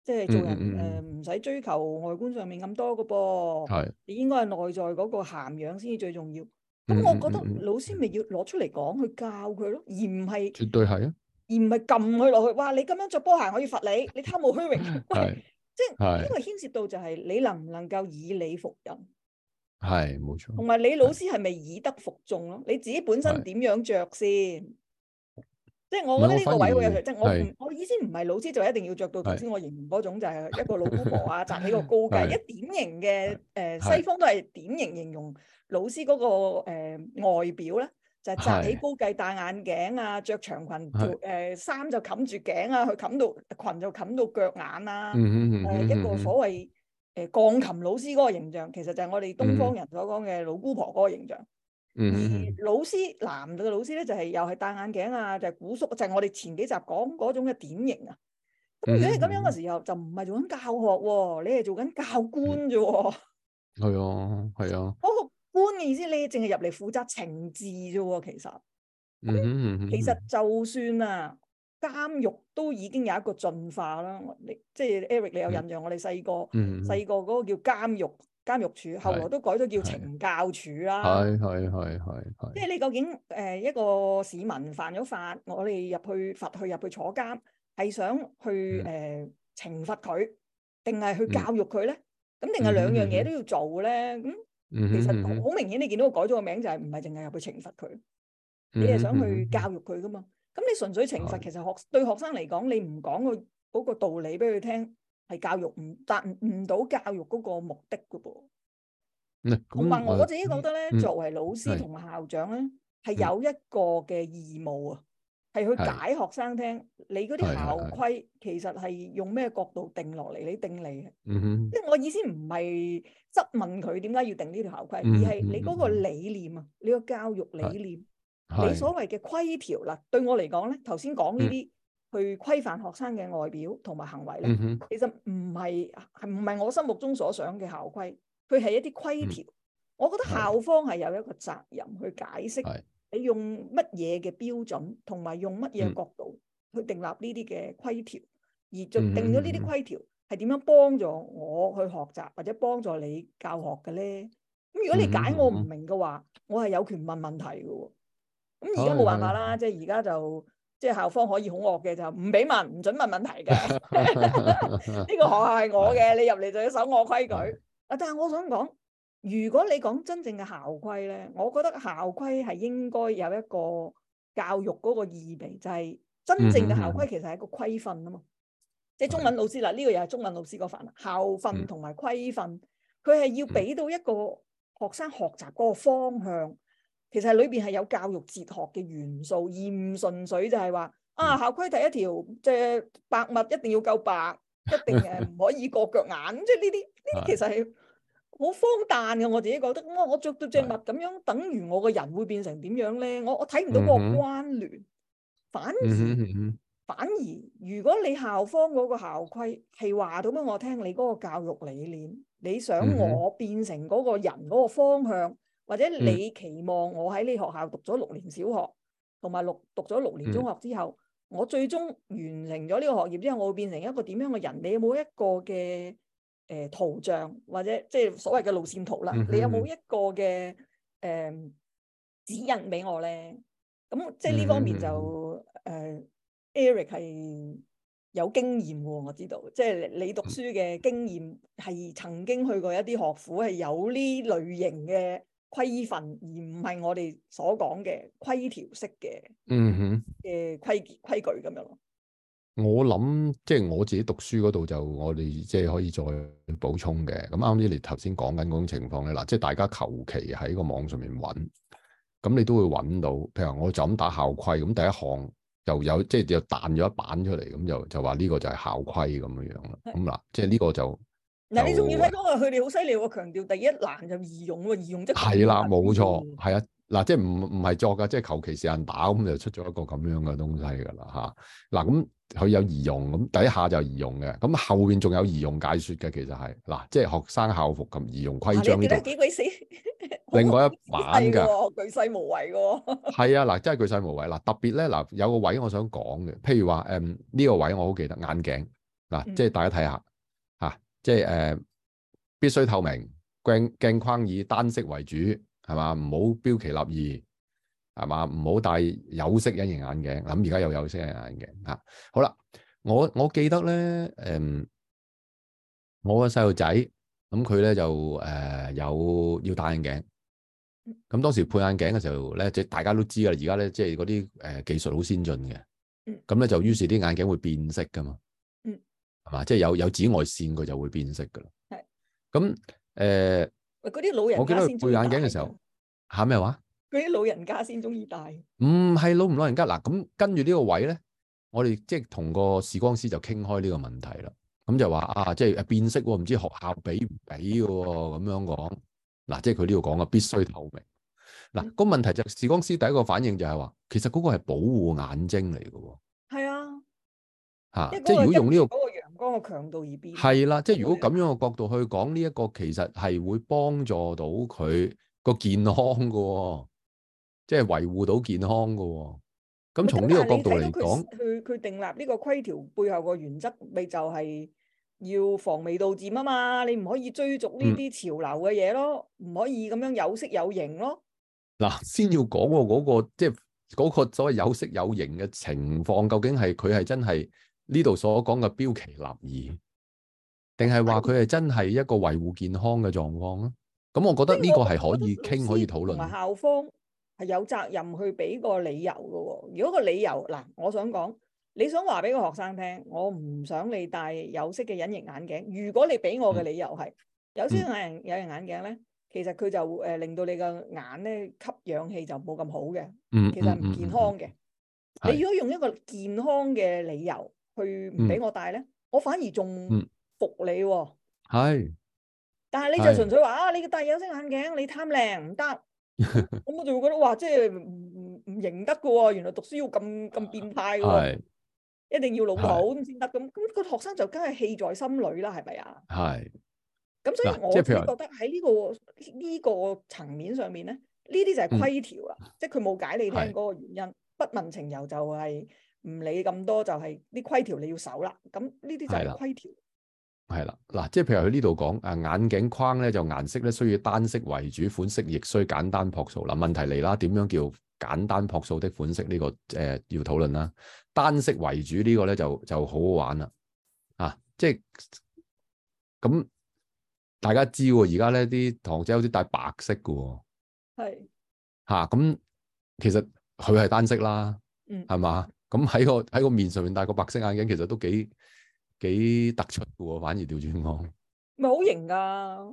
即係做人誒唔使追求外觀上面咁多嘅噃。係是。你應該係內在嗰個涵養先至最重要。咁、嗯嗯嗯、我覺得老師咪要攞出嚟講去教佢咯，而唔係。絕對係啊。 而唔係撳佢落去，哇！你咁樣着波鞋，我要罰你，你貪慕虛榮，即係因為牽涉到就係你能唔能夠以理服人，係冇錯。同埋你老師係咪以德服眾咯？你自己本身點樣着先？即係我覺得呢個位會有，即係我我意思唔係老師就一定要着到。頭先我形容嗰種就係一個老姑婆啊，紮起個高髻，一典型嘅誒西方都係典型形容老師嗰個誒外表咧。就紮起高髻戴眼鏡啊，着長裙條誒衫就冚住頸啊，去冚到裙就冚到腳眼啦、啊。誒、嗯嗯嗯呃、一個所謂誒、呃、鋼琴老師嗰個形象，其實就係我哋東方人所講嘅老姑婆嗰個形象。嗯嗯嗯、而老師男女嘅老師咧，就係、是、又係戴眼鏡啊，就係古叔，就係、是、我哋前幾集講嗰種嘅典型啊。咁如果係咁樣嘅時候，就唔係做緊教學喎、喔，你係做緊教官啫喎。係啊，係啊。不官嘅意思，你淨係入嚟負責懲治啫喎。其實，其實就算啊，監獄都已經有一個進化啦。你即係 Eric，你有印象，我哋細個細個嗰個叫監獄監獄署，後來都改咗叫懲教署啦。係係係係。即係你究竟誒、呃、一個市民犯咗法，我哋入去罰佢入去坐監，係想去誒、嗯呃、懲罰佢，定係去教育佢咧？咁定係兩樣嘢都要做咧？咁、嗯？嗯其實好明顯，你見到佢改咗個名，就係唔係淨係入去懲罰佢， 你係想去教育佢噶嘛？咁你純粹懲罰， 其實學對學生嚟講，你唔講佢嗰個道理俾佢聽，係教育唔達唔到教育嗰個目的噶噃。同埋 我自己覺得咧， 作為老師同埋校長咧，係 有一個嘅義務啊。係去解學生聽，你嗰啲校規其實係用咩角度定落嚟？你定嚟嘅，即係我意思唔係質問佢點解要定呢條校規，而係你嗰個理念啊，你個教育理念，你所謂嘅規條啦，對我嚟講咧，頭先講呢啲去規範學生嘅外表同埋行為咧，其實唔係係唔係我心目中所想嘅校規，佢係一啲規條。我覺得校方係有一個責任去解釋。你用乜嘢嘅標準同埋用乜嘢角度去訂立呢啲嘅規條，嗯、哼而就定咗呢啲規條係點樣幫助我去學習或者幫助你教學嘅咧？咁如果你解我唔明嘅話，嗯、哼我係有權問問題㗎喎。咁而家冇辦法啦、嗯哼，即係而家就即係校方可以好惡嘅，就唔俾問，唔准問問題嘅。呢 個學校係我嘅，你入嚟就要守我規矩。啊，但係我想講。如果你講真正嘅校規咧，我覺得校規係應該有一個教育嗰個意味，就係、是、真正嘅校規其實係一個規訓啊嘛。即係中文老師啦，呢是個又係中文老師個訓。校訓同埋規訓，佢係、嗯、要俾到一個學生學習嗰個方向。嗯、其實係裏邊係有教育哲學嘅元素，而唔純粹就係話啊校規第一條即係白物一定要夠白，一定係唔可以過腳眼。即係呢啲呢啲其實係。好荒誕嘅，我自己覺得，我我着到隻襪咁樣，等於我個人會變成點樣咧？我我睇唔到嗰個關聯，反而、嗯、哼反而，反而如果你校方嗰個校規係話到俾我聽，你嗰個教育理念，你想我變成嗰個人嗰個方向，或者你期望我喺呢學校讀咗六年小學，同埋六讀咗六年中學之後，我最終完成咗呢個學業之後，我會變成一個點樣嘅人？你有冇一個嘅？誒、呃，圖像或者即係所謂嘅路線圖啦，嗯、哼你有冇一個嘅誒、呃、指引俾我咧？咁即係呢方面就誒、嗯哼呃、Eric 係有經驗㗎，我知道。即係你讀書嘅經驗係曾經去過一啲學府，係有呢類型嘅規範，而唔係我哋所講嘅規條式嘅，嗯哼，嘅規規矩咁樣咯。我諗即係我自己讀書嗰度就我哋即係可以再補充嘅，咁啱啱你頭先講緊嗰種情況咧，嗱，即係大家求其喺個網上面揾，咁你都會揾到。譬如我就咁打校規，咁第一項就有即係又彈咗一版出嚟，咁就就話呢個就係校規咁樣樣啦。咁嗱，即係呢個就嗱，的就你仲要睇到話佢哋好犀利，我強調第一欄就難就易用，易用即係係啦，冇錯，係啊，嗱，即係唔唔係作噶，即係求其時間打咁就出咗一個咁樣嘅東西噶啦吓，嗱咁。佢有儀容咁，底下就係儀容嘅，咁後邊仲有儀容解說嘅，其實係嗱，即係學生校服及儀容規章呢度。你你幾鬼死！另外一版噶、哦，巨細無遺噶。係 啊，嗱，真係巨細無遺嗱，特別咧嗱，有個位我想講嘅，譬如話誒呢個位我好記得眼鏡嗱，即係大家睇下吓、啊，即係誒、呃、必須透明鏡鏡框以單色為主，係嘛？唔好標奇立異。係嘛？唔好戴有色隱形眼鏡。咁而家又有色隱形眼鏡啊。好啦，我我記得咧，誒、嗯，我個細路仔咁佢咧就誒、呃、有要戴眼鏡。咁當時配眼鏡嘅時候咧，即係大家都知噶啦。而家咧即係嗰啲誒技術好先進嘅。咁咧、嗯、就於是啲眼鏡會變色噶嘛。嗯。係嘛？即、就、係、是、有有紫外綫佢就會變色噶啦。係的。咁誒。呃、喂，嗰啲老人。我記得配眼鏡嘅時候。喊咩話？俾老人家先中意戴，唔係、嗯、老唔老人家嗱，咁、啊、跟住呢個位咧，我哋即係同個視光師就傾開呢個問題啦。咁就話啊，即係變、啊、色，唔知學校俾唔俾噶咁樣講。嗱、啊，即係佢呢個講嘅必須透明。嗱、啊，個問題就視、是、光師第一個反應就係、是、話，其實嗰個係保護眼睛嚟噶。係啊，吓、啊，即係如果用呢、這個陽光嘅強度而變，係啦、啊，即係如果咁樣嘅角度去講呢一個，其實係會幫助到佢個健康噶、哦。即係維護到健康噶、哦，咁從呢個角度嚟講，佢佢訂立呢個規條背後個原則，咪就係要防微杜漸啊嘛。你唔可以追逐呢啲潮流嘅嘢咯，唔可以咁樣有色有形咯。嗱、嗯，先要講、那個嗰個即係嗰個所謂有色有形嘅情況，究竟係佢係真係呢度所講嘅標奇立異，定係話佢係真係一個維護健康嘅狀況咧？咁我覺得呢個係可以傾，可以討論。校方。係有責任去俾個理由嘅喎、哦。如果個理由嗱，我想講，你想話俾個學生聽，我唔想你戴有色嘅隱形眼鏡。如果你俾我嘅理由係、嗯、有色眼鏡，隱形眼鏡咧，其實佢就誒、呃、令到你嘅眼咧吸氧氣就冇咁好嘅，嗯、其實唔健康嘅。嗯嗯嗯、你如果用一個健康嘅理由去唔俾我戴咧，嗯、我反而仲服你喎、哦。係、嗯，嗯嗯嗯 e，但係你就純粹話啊，你戴有色眼鏡，你貪靚唔得。咁 我就會覺得哇，即係唔唔唔認得噶喎、哦，原來讀書要咁咁變態噶、哦，啊、一定要老土咁先得，咁咁是、個學生就梗係氣在心裏啦，係咪啊？係是。咁所以我我覺得喺呢、這個呢、這個層面上面咧，呢啲就係規條啦，嗯、即係佢冇解你聽嗰是個原因，不問情由就係、是、唔理咁多，就係啲規條你要守啦。咁呢啲就係規條。係啦，嗱，即係譬如佢呢度講，誒，眼鏡框咧就顏色咧需要單色為主，款式亦需要簡單樸素。嗱，問題嚟啦，點樣叫簡單樸素的款式？呢、這個誒、呃、要討論啦。單色為主個呢個咧就就好好玩啦、啊。啊，即係咁大家知而家呢啲同學仔好似戴白色噶、哦，係吓咁，其實佢係單色啦，嗯，係嘛？咁喺個喺個面上面戴個白色眼鏡，其實都幾。幾突出嘅喎，反而調轉我咪好型㗎，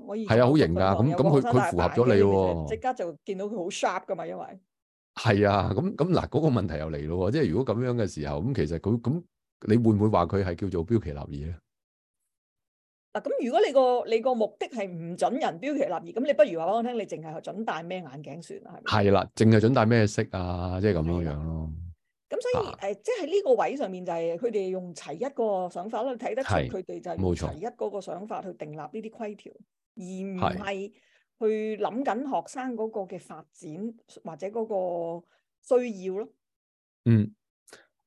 我而係啊，好型㗎，咁咁佢佢符合咗你喎，即刻就見到佢好 sharp 㗎嘛，因為係啊，咁咁嗱嗰個問題又嚟咯，即係如果咁樣嘅時候，咁其實佢咁，你會唔會話佢係叫做標奇立異咧？嗱，咁如果你個你個目的係唔準人標奇立異，咁你不如話畀我聽，你淨係準戴咩眼鏡算啦，係咪？係啦，淨係準戴咩色啊？即係咁樣樣咯。咁所以誒，即係喺呢個位上面，就係佢哋用齊一個想法咯，睇得出佢哋就係齊一嗰個想法去定立呢啲規條，而唔係去諗緊學生嗰個嘅發展或者嗰個需要咯。嗯，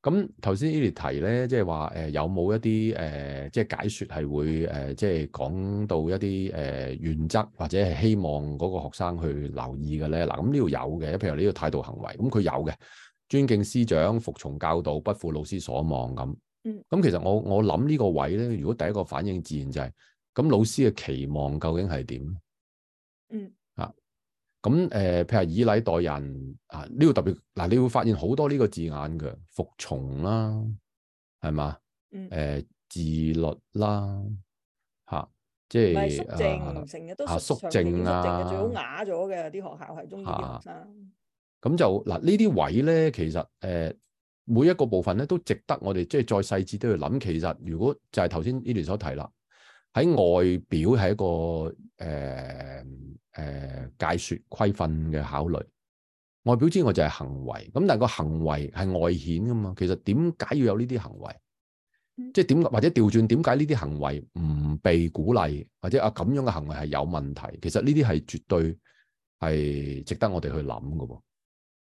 咁頭先呢條題咧，即係話誒有冇一啲誒即係解説係會誒即係講到一啲誒、呃、原則，或者係希望嗰個學生去留意嘅咧？嗱，咁呢度有嘅，譬如呢個態度行為，咁佢有嘅。尊敬師長，服從教導，不負老師所望咁。嗯，咁其實我我諗呢個位咧，如果第一個反應自然就係、是，咁老師嘅期望究竟係點？嗯，啊，咁誒、呃，譬如以禮待人啊，呢個特別嗱、啊，你會發現好多呢個字眼嘅，服從啦，係嘛？嗯、呃，自律啦，嚇、啊，即係啊，嚇、啊，肅靜啦、啊啊，最好啞咗嘅啲學校係中意啊。啊。咁就嗱，呢啲位咧，其實誒、呃，每一個部分咧都值得我哋即係再細緻都要諗。其實如果就係頭先呢段所提啦，喺外表係一個誒誒、呃呃、解說規訓嘅考慮。外表之外就係行為，咁但係個行為係外顯噶嘛。其實點解要有呢啲行為？即係點或者調轉點解呢啲行為唔被鼓勵，或者啊咁樣嘅行為係有問題？其實呢啲係絕對係值得我哋去諗噶。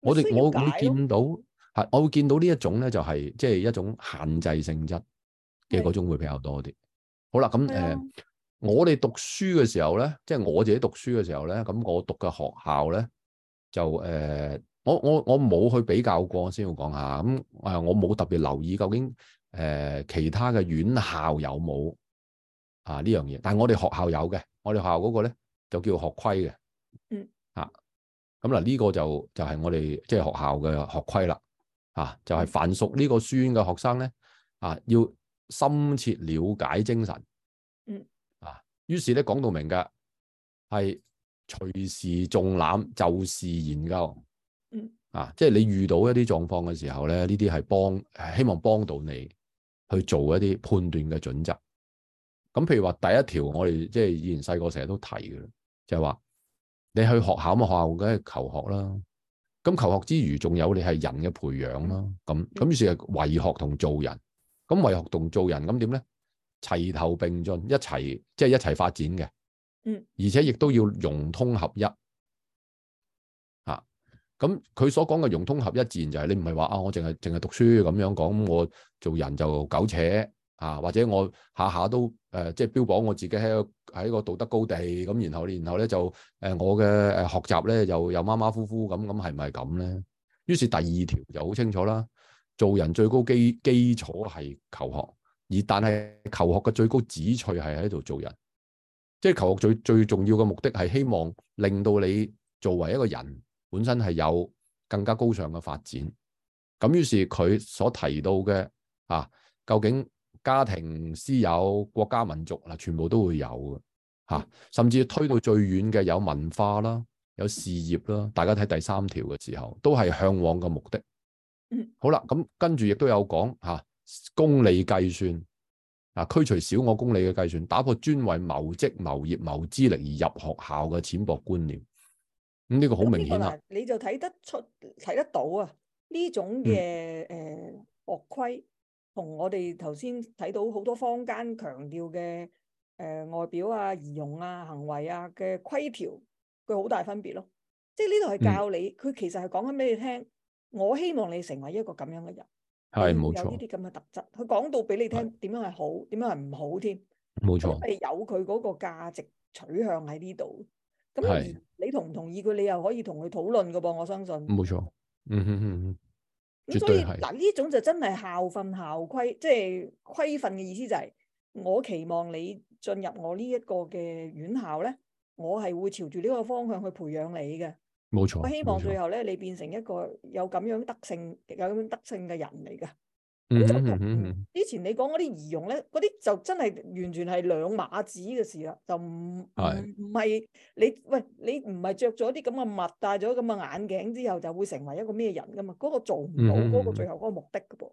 我哋我會見到係，我會見到呢一種咧、就係，就係即係一種限制性質嘅嗰種會比較多啲。的好啦，咁誒的、呃，我哋讀書嘅時候咧，即係我自己讀書嘅時候咧，咁我讀嘅學校咧就誒、呃，我我我冇去比較過先要講下。咁誒，我冇特別留意究竟誒、呃、其他嘅院校有冇啊呢樣嘢，但係我哋學校有嘅，我哋學校嗰個咧就叫學規嘅。嗯。咁嗱，呢個就就係我哋即係學校嘅學規啦，啊，就係凡屬呢個書院嘅學生咧，啊，要深切了解精神，嗯，啊，於是咧講到明嘅係隨時縱覽就事研究，嗯，啊，即係你遇到一啲狀況嘅時候咧，呢啲係幫希望幫到你去做一啲判斷嘅準則。咁譬如話，第一條我哋即係以前細個成日都提嘅，就係話。你去學校，咁學校梗係求學啦。咁求學之餘，仲有你係人嘅培養啦。咁咁於是係為學同做人。咁為學同做人咁點咧？齊頭並進，一齊即係一齊發展嘅。嗯，而且亦都要融通合一啊。咁佢所講嘅融通合一，自然就係你唔係話啊，我淨係淨係讀書咁樣講，我做人就苟且啊，或者我下下都。誒、呃、即係標榜我自己喺喺個,個道德高地，咁然後然後咧就誒、呃、我嘅誒學習咧又又馬馬虎虎咁咁係咪係咁咧？於是,是,是第二條就好清楚啦，做人最高基基礎係求學，而但係求學嘅最高旨趣係喺度做人，即係求學最最重要嘅目的係希望令到你作為一個人本身係有更加高尚嘅發展。咁於是佢所提到嘅啊，究竟？家庭、師友、國家、民族啦，全部都會有嘅嚇、啊，甚至推到最遠嘅有文化啦，有事業啦。大家睇第三條嘅時候，都係向往嘅目的。嗯，好啦，咁跟住亦都有講嚇，功利計算啊，去、啊、除小我功利嘅計算，打破專為謀職、謀業、謀資力而入學校嘅淺薄觀念。咁、嗯、呢、這個好明顯啦，你就睇得出、睇得到啊！呢種嘅誒學規。同我哋頭先睇到好多坊間強調嘅，誒外表啊、儀容啊、行為啊嘅規條，佢好大分別咯。即係呢度係教你，佢、嗯、其實係講緊俾你聽，嗯、我希望你成為一個咁樣嘅人，係冇錯呢啲咁嘅特質。佢講到俾你聽，點樣係好，點是樣係唔好添。冇錯錯，係有佢嗰個價值取向喺呢度。咁你，是你同唔同意佢，你又可以同佢討論噶噃。我相信冇錯。嗯哼嗯哼，哼。咁所以嗱，呢種就真係校訓校規，即係規訓嘅意思就係，我期望你進入我呢一個嘅院校咧，我係會朝住呢個方向去培養你嘅，冇錯。我希望最後咧，你變成一個有咁樣德性、有咁樣德性嘅人嚟㗎。嗯嗯，之前你講嗰啲儀容咧，嗰啲就真係完全係兩碼子嘅事啦，就唔唔唔係你喂，你唔係着咗啲咁嘅襪，戴咗咁嘅眼鏡之後，就會成為一個咩人噶嘛？嗰個做唔到，嗰個最後嗰個目的噶噃。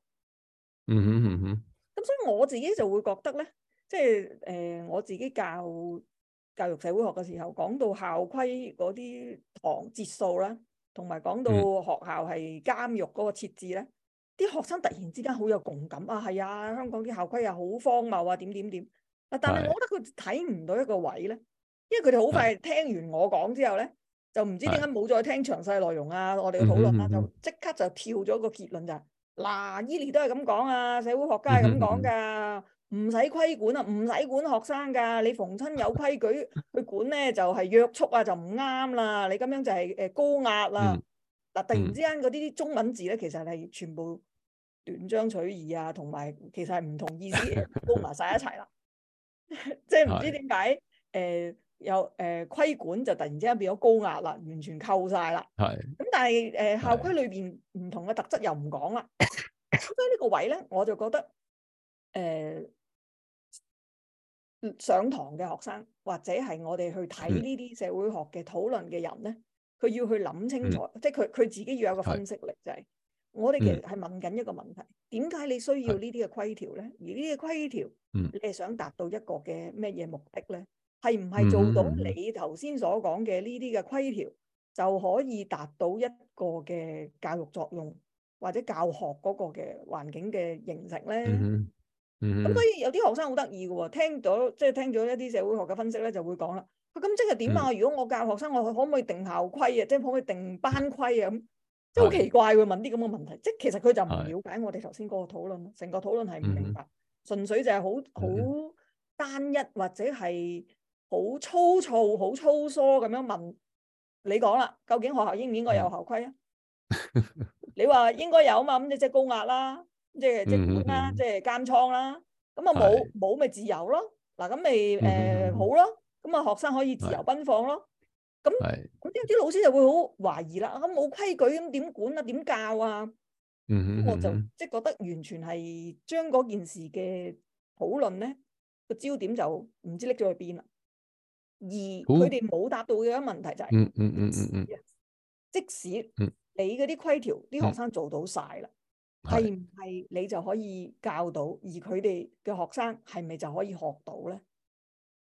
嗯嗯嗯嗯。咁所以我自己就會覺得咧，即係誒，我自己教教育社會學嘅時候，講到校規嗰啲堂節數啦，同埋講到學校係監獄嗰個設置咧。嗯嗯啲學生突然之間好有共感啊，係啊，香港啲校規啊好荒謬啊，點點點嗱，但係我覺得佢睇唔到一個位咧，因為佢哋好快聽完我講之後咧，就唔知點解冇再聽詳細內容啊，我哋討論啦、啊，就即刻就跳咗個結論就係、是、嗱、啊、Eli 都係咁講啊，社會學家係咁講㗎，唔使規管啊，唔使管學生㗎，你逢親有規矩去管咧就係、是、約束啊，就唔啱啦，你咁樣就係誒高壓啦嗱、啊，突然之間嗰啲中文字咧，其實係全部。斷章取義啊，同埋其實係唔同意思，煲埋晒一齊啦。即係唔知點解，誒 是、呃，有誒規、呃、管就突然之間變咗高壓啦，完全扣晒啦。係 是。咁但係誒校規裏邊唔同嘅特質又唔講啦。所以呢個位咧，我就覺得誒上堂嘅學生或者係我哋去睇呢啲社會學嘅討論嘅人咧，佢、嗯嗯、要去諗清楚，即係佢佢自己要有一個分析力就係、是。我哋其實係問緊一個問題，點解你需要呢啲嘅規條咧？而呢啲嘅規條，嗯，你係想達到一個嘅咩嘢目的咧？係唔係做到你頭先所講嘅呢啲嘅規條就可以達到一個嘅教育作用或者教學嗰個嘅環境嘅形成咧？咁所以有啲學生好得意嘅，聽咗即係聽咗一啲社會學嘅分析咧，就會講啦：，佢咁即係點啊？如果我教學生，我可唔可以定校規啊？即係可唔可以定班規啊？咁？即係好奇怪會問啲咁嘅問題，即係其實佢就唔了解我哋頭先嗰個討論，成個討論係唔明白，純粹就係好好單一或者係好粗糙、好粗疏咁樣問你講啦，究竟學校應唔應該有校規啊？你話應該有啊嘛，咁即係高壓啦，即係即管啦，即係監倉啦，咁啊冇冇咪自由咯？嗱咁咪誒好咯，咁啊學生可以自由奔放咯。咁，咁啲啲老師就會好懷疑啦。啊，冇規矩咁點管啊？點教啊？嗯哼、mm，hmm. 我就即係覺得完全係將嗰件事嘅討論咧，個焦點就唔知拎咗去邊啦。而佢哋冇答到嘅一個問題就係、是，嗯嗯嗯嗯嗯，hmm. 即使你嗰啲規條，啲、mm hmm. 學生做到晒啦，係唔係你就可以教到？而佢哋嘅學生係咪就可以學到咧？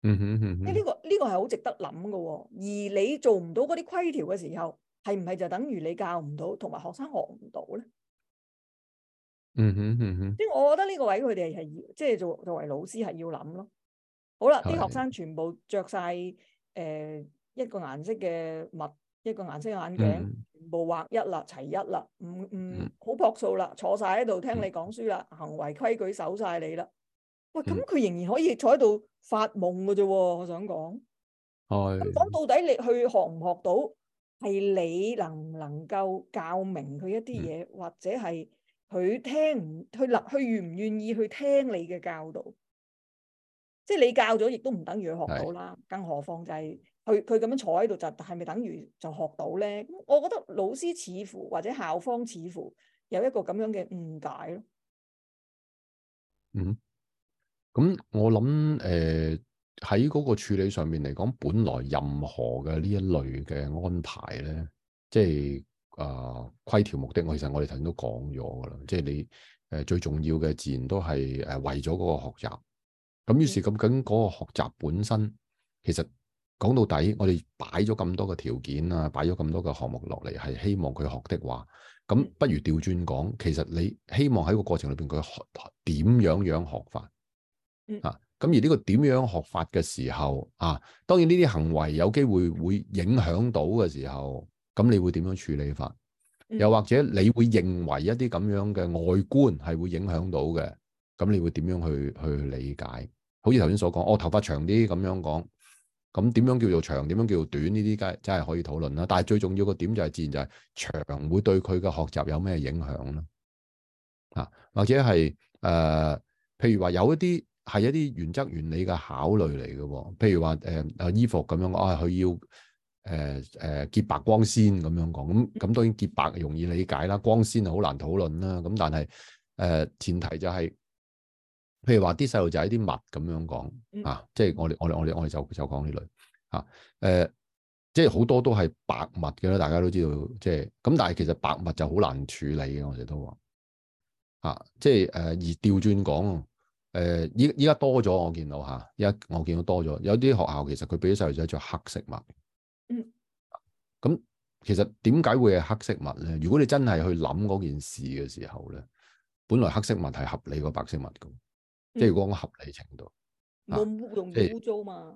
嗯哼哼，即呢、欸這個呢、這個係好值得諗嘅、哦，而你做唔到嗰啲規條嘅時候，係唔係就等於你教唔到，同埋學生學唔到咧？嗯哼嗯哼，即我覺得呢個位佢哋係即係做作為老師係要諗咯。好啦，啲是學生全部着晒誒一個顏色嘅襪，一個顏色嘅眼鏡，嗯、全部畫一啦，齊一啦，唔唔好樸素啦，坐晒喺度聽你講書啦，嗯、行為規矩守晒你啦。喂，咁佢仍然可以坐喺度發夢嘅啫，我想講。哦是。咁講到底，你去學唔學到，係你能唔能夠教明佢一啲嘢，嗯、或者係佢聽唔，佢立，佢願唔願意去聽你嘅教導？即係你教咗，亦都唔等於佢學到啦。是更何況就係佢佢咁樣坐喺度，就係咪等於就學到咧？咁我覺得老師似乎或者校方似乎有一個咁樣嘅誤解咯。嗯。咁我諗誒喺嗰個處理上面嚟講，本來任何嘅呢一類嘅安排咧，即係誒規條目的，我其實我哋頭先都講咗噶啦。即係你誒、呃、最重要嘅，自然都係誒為咗嗰個學習。咁於是咁緊嗰個學習本身，其實講到底，我哋擺咗咁多嘅條件啊，擺咗咁多嘅項目落嚟，係希望佢學的話，咁不如調轉講，其實你希望喺個過程裏邊佢學點樣樣學法？啊，咁而呢個點樣學法嘅時候啊，當然呢啲行為有機會會影響到嘅時候，咁你會點樣處理法？又或者你會認為一啲咁樣嘅外觀係會影響到嘅？咁你會點樣去去理解？好似頭先所講，哦頭髮長啲咁樣講，咁點樣叫做長？點樣叫做短？呢啲梗真係可以討論啦。但係最重要個點就係、是、自然就係、是、長會對佢嘅學習有咩影響啦？啊，或者係誒、呃，譬如話有一啲。係一啲原則原理嘅考慮嚟嘅，哦，譬如話誒誒衣服咁樣講，啊佢要誒誒潔白光鮮咁樣講，咁咁當然潔白容易理解啦，光鮮好難討論啦。咁但係誒、呃、前提就係、是，譬如話啲細路仔啲襪咁樣講啊，即係我哋我哋我哋我哋就就講呢類啊誒、呃，即係好多都係白襪嘅啦，大家都知道，即係咁，但係其實白襪就好難處理嘅，我哋都話啊，即係誒、呃、而調轉講。誒，依依家多咗，我見到吓，依家我見到多咗，有啲學校其實佢俾細路仔着黑色襪。嗯。咁其實點解會係黑色襪咧？如果你真係去諗嗰件事嘅時候咧，本來黑色襪係合理過白色襪嘅，嗯、即係如果個合理程度，唔、嗯啊、容易污糟嘛，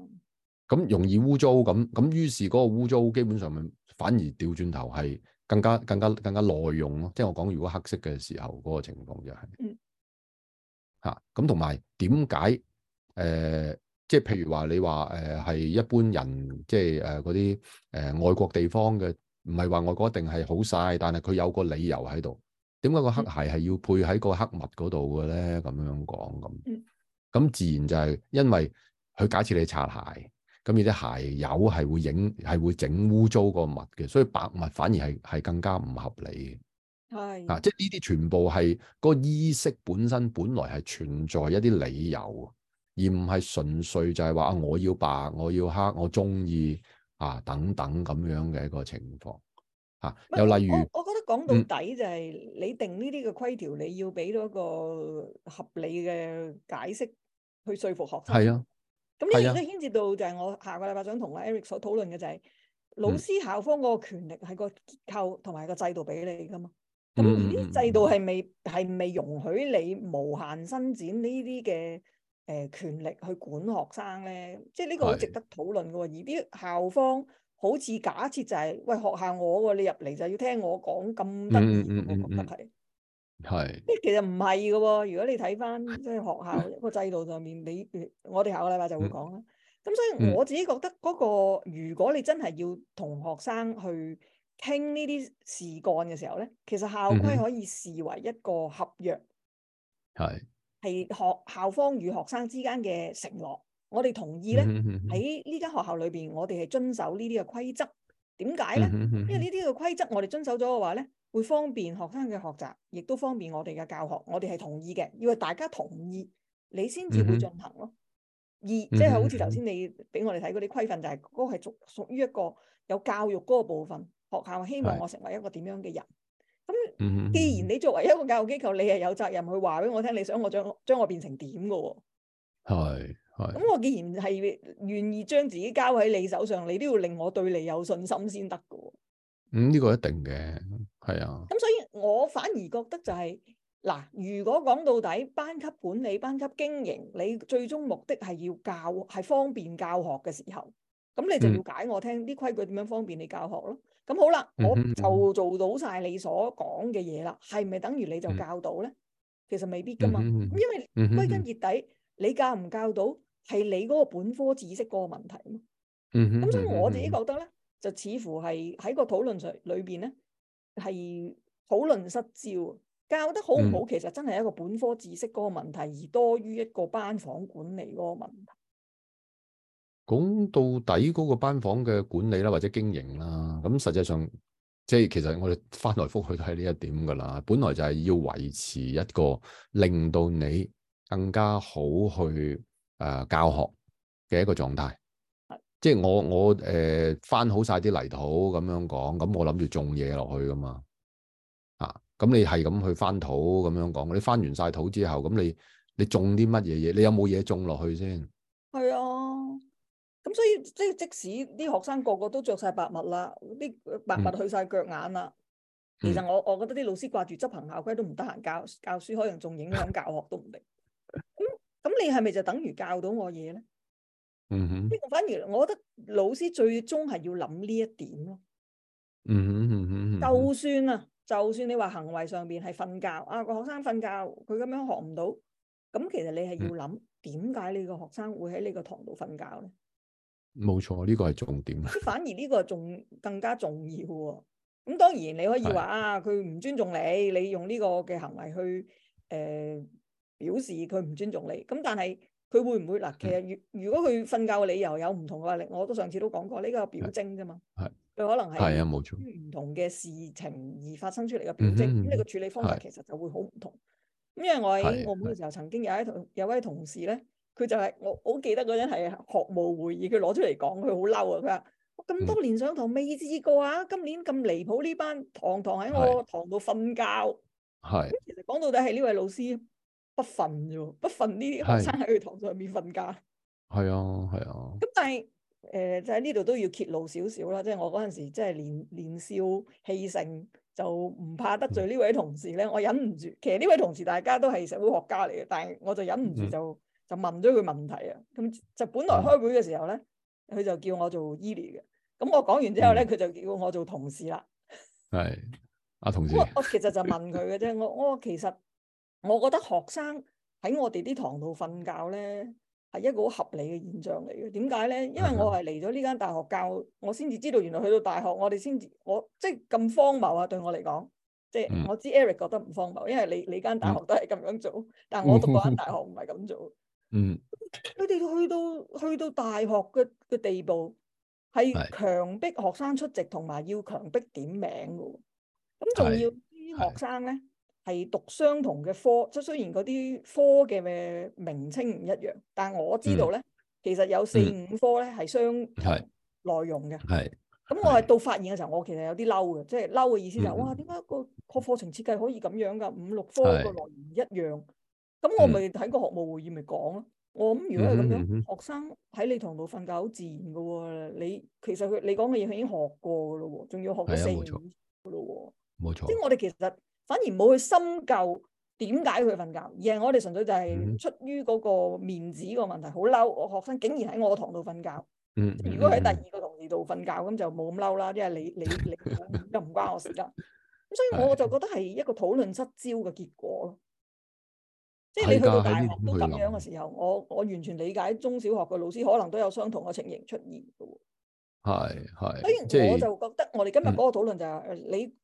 咁、就是，容易污糟，咁咁於是嗰個污糟基本上咪反而掉轉頭係更加更加更加耐用咯。即係我講如果黑色嘅時候嗰個情況就係、是。嗯嗱，咁同埋點解？誒即係譬如話你話誒係一般人即係誒嗰啲誒外國地方嘅，唔係話外國一定係好晒，但係佢有個理由喺度。點解個黑鞋係要配喺個黑襪嗰度嘅咧？咁樣講咁，咁自然就係因為佢假設你擦鞋，咁你啲鞋油係會影係會整污糟個襪嘅，所以白襪反而係係更加唔合理嘅。係啊，即係呢啲全部係嗰、嗰個意識本身本來係存在一啲理由，而唔係純粹就係話啊我要白我要黑我中意啊等等咁樣嘅一個情況啊。又例如，我，我覺得講到底就係你定呢啲嘅規條，嗯、你要俾到一個合理嘅解釋去說服學生。係啊的，咁呢樣都牽涉到就係我下個禮拜想同阿 Eric 所討論嘅就係、是的嗯、老師校方嗰個權力係個結構同埋個制度俾你噶嘛。咁啲、嗯、制度係咪係未容許你無限伸展呢啲嘅誒權力去管學生咧？即係呢個好值得討論嘅。是而啲校方好似假設就係、是、喂學校我喎，你入嚟就要聽我講咁得意，嗯、我覺得係即是其實唔係嘅。如果你睇翻即係學校一個制度上面，是你我哋下個禮拜就會講啦。咁、嗯、所以我自己覺得嗰、那個，如果你真係要同學生去傾呢啲事幹嘅時候咧，其實校規可以視為一個合約，係係、mm hmm. 學校方與學生之間嘅承諾。我哋同意咧喺呢間、mm hmm. 學校裏邊，我哋係遵守呢啲嘅規則。點解咧？Mm hmm. 因為呢啲嘅規則我哋遵守咗嘅話咧，會方便學生嘅學習，亦都方便我哋嘅教學。我哋係同意嘅，要係大家同意，你先至會進行咯。Mm hmm. 而即係好似頭先你俾我哋睇嗰啲規訓，就係嗰個係屬屬於一個有教育嗰個部分。學校希望我成為一個點樣嘅人？咁是既然你作為一個教育機構，你係有責任去話俾我聽，你想我將將我變成點㗎？係係。咁我既然係願意將自己交喺你手上，你都要令我對你有信心先得㗎。咁呢、嗯，這個一定嘅，係啊。咁所以我反而覺得就係、是、嗱，如果講到底，班級管理、班級經營，你最終目的係要教，係方便教學嘅時候，咁你就要解我聽啲、嗯、規矩點樣方便你教學咯。咁好啦，我就做到晒你所講嘅嘢啦，係咪等於你就教到咧？其實未必噶嘛，因為歸根結底，你教唔教到係你嗰個本科知識嗰個問題嘛。咁 所以我自己覺得咧，就似乎係喺個討論上裏邊咧，係討論失焦，教得好唔好 其實真係一個本科知識嗰個問題，而多於一個班房管理嗰個問題。講到底，嗰個班房嘅管理啦，或者經營啦，咁實際上即係其實我哋翻來覆去都係呢一點噶啦。本來就係要維持一個令到你更加好去誒、呃、教學嘅一個狀態，的即係我我誒、呃、翻好晒啲泥土咁樣講，咁我諗住種嘢落去噶嘛啊。咁你係咁去翻土咁樣講，你翻完晒土之後，咁你你種啲乜嘢嘢？你有冇嘢種落去先？係啊。咁所以即係即使啲學生個個都着晒白襪啦，啲白襪去晒腳眼啦。嗯、其實我我覺得啲老師掛住執行校規都唔得閒教教書，可能仲影響教學都唔定。咁你係咪就等於教到我嘢咧、嗯？嗯呢個反而我覺得老師最終係要諗呢一點咯、嗯。嗯，嗯，嗯就算啊，就算你話行為上邊係瞓覺啊，個學生瞓覺佢咁樣學唔到，咁其實你係要諗點解你個學生會喺你個堂度瞓覺咧？冇錯，呢、這個係重點。反而呢個重更加重要、哦。咁當然你可以話的啊，佢唔尊重你，你用呢個嘅行為去誒、呃、表示佢唔尊重你。咁但係佢會唔會嗱？其實如如果佢瞓覺嘅理由有唔同嘅話力，的我都上次都講過呢、這個表徵啫嘛。係佢的可能係係啊，冇錯。唔同嘅事情而發生出嚟嘅表徵，咁你個處理方法其實就會好唔同。咁因為我喺澳門嘅時候，曾經有一同有位同事咧。佢就係、是、我好記得嗰陣係學務會議，佢攞出嚟講，佢好嬲啊！佢話：我咁多年上堂未知過啊，嗯、今年咁離譜，呢班堂堂喺我堂度瞓覺。係。其實講到底係呢位老師不憤啫，不憤呢啲學生喺佢堂上面瞓覺。係啊，係啊。咁但係誒、呃，就喺呢度都要揭露少少啦。即、就、係、是、我嗰陣時，即係年年少氣盛，就唔怕得罪呢位同事咧。嗯、我忍唔住，其實呢位同事大家都係社會學家嚟嘅，但係我就忍唔住就。嗯就問咗佢問題啊，咁就本來開會嘅時候咧，佢、啊、就叫我做 Eli 嘅，咁我講完之後咧，佢、嗯、就叫我做同事啦。係，阿、啊、同事。我我其實就問佢嘅啫， 我我其實我覺得學生喺我哋啲堂度瞓覺咧係一個好合理嘅現象嚟嘅。點解咧？因為我係嚟咗呢間大學教，我先至知道原來去到大學，我哋先至。我即係咁荒謬啊！對我嚟講，即係、嗯、我知 Eric 覺得唔荒謬，因為你你間大學都係咁樣做，但我讀嗰間大學唔係咁做。嗯，佢哋去到去到大學嘅嘅地步，係強逼學生出席同埋要強逼點名嘅，咁仲要啲學生咧係是讀相同嘅科，即係是雖然嗰啲科嘅名稱唔一樣，但係我知道咧，嗯、其實有四五科咧係相內容嘅。係是，咁我係到發現嘅時候，我其實有啲嬲嘅，即係嬲嘅意思就係、是嗯、哇，點解個個課程設計可以咁樣噶？五六科個內容唔一樣。是是咁、嗯、我咪喺個學務會議咪講咯。我諗如果係咁樣，嗯嗯、學生喺你堂度瞓覺好自然噶喎。你其實佢你講嘅嘢佢已經學過噶咯喎，仲要學咗四年嘅咯喎。冇錯、嗯。嗯嗯嗯、即係我哋其實反而冇去深究點解佢瞓覺，而係我哋純粹就係出於嗰個面子個問題，好嬲。我學生竟然喺我堂度瞓覺。嗯嗯嗯、如果喺第二個同事度瞓覺，咁就冇咁嬲啦。因為你你你又唔關我事啦。咁所以我就覺得係一個討論失焦嘅結果咯。即係你去到大學都咁樣嘅時候，我我完全理解中小學嘅老師可能都有相同嘅情形出現嘅喎。係係。所以我就覺得我就，嗯是是嗯嗯嗯嗯、我哋今日嗰個討論就係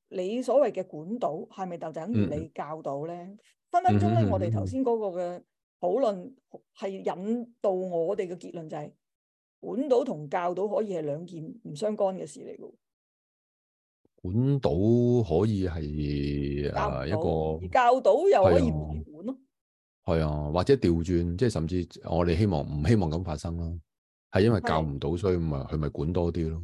你你所謂嘅管到係咪就等於你教到咧？分分鐘咧，我哋頭先嗰個嘅討論係引導我哋嘅結論就係、是、管到同教到可以係兩件唔相干嘅事嚟嘅。管到可以係誒一個，而、啊、教到又可以。係啊，或者調轉，即係甚至我哋希望唔希望咁發生咯，係因為教唔到，是所以咪佢咪管多啲咯。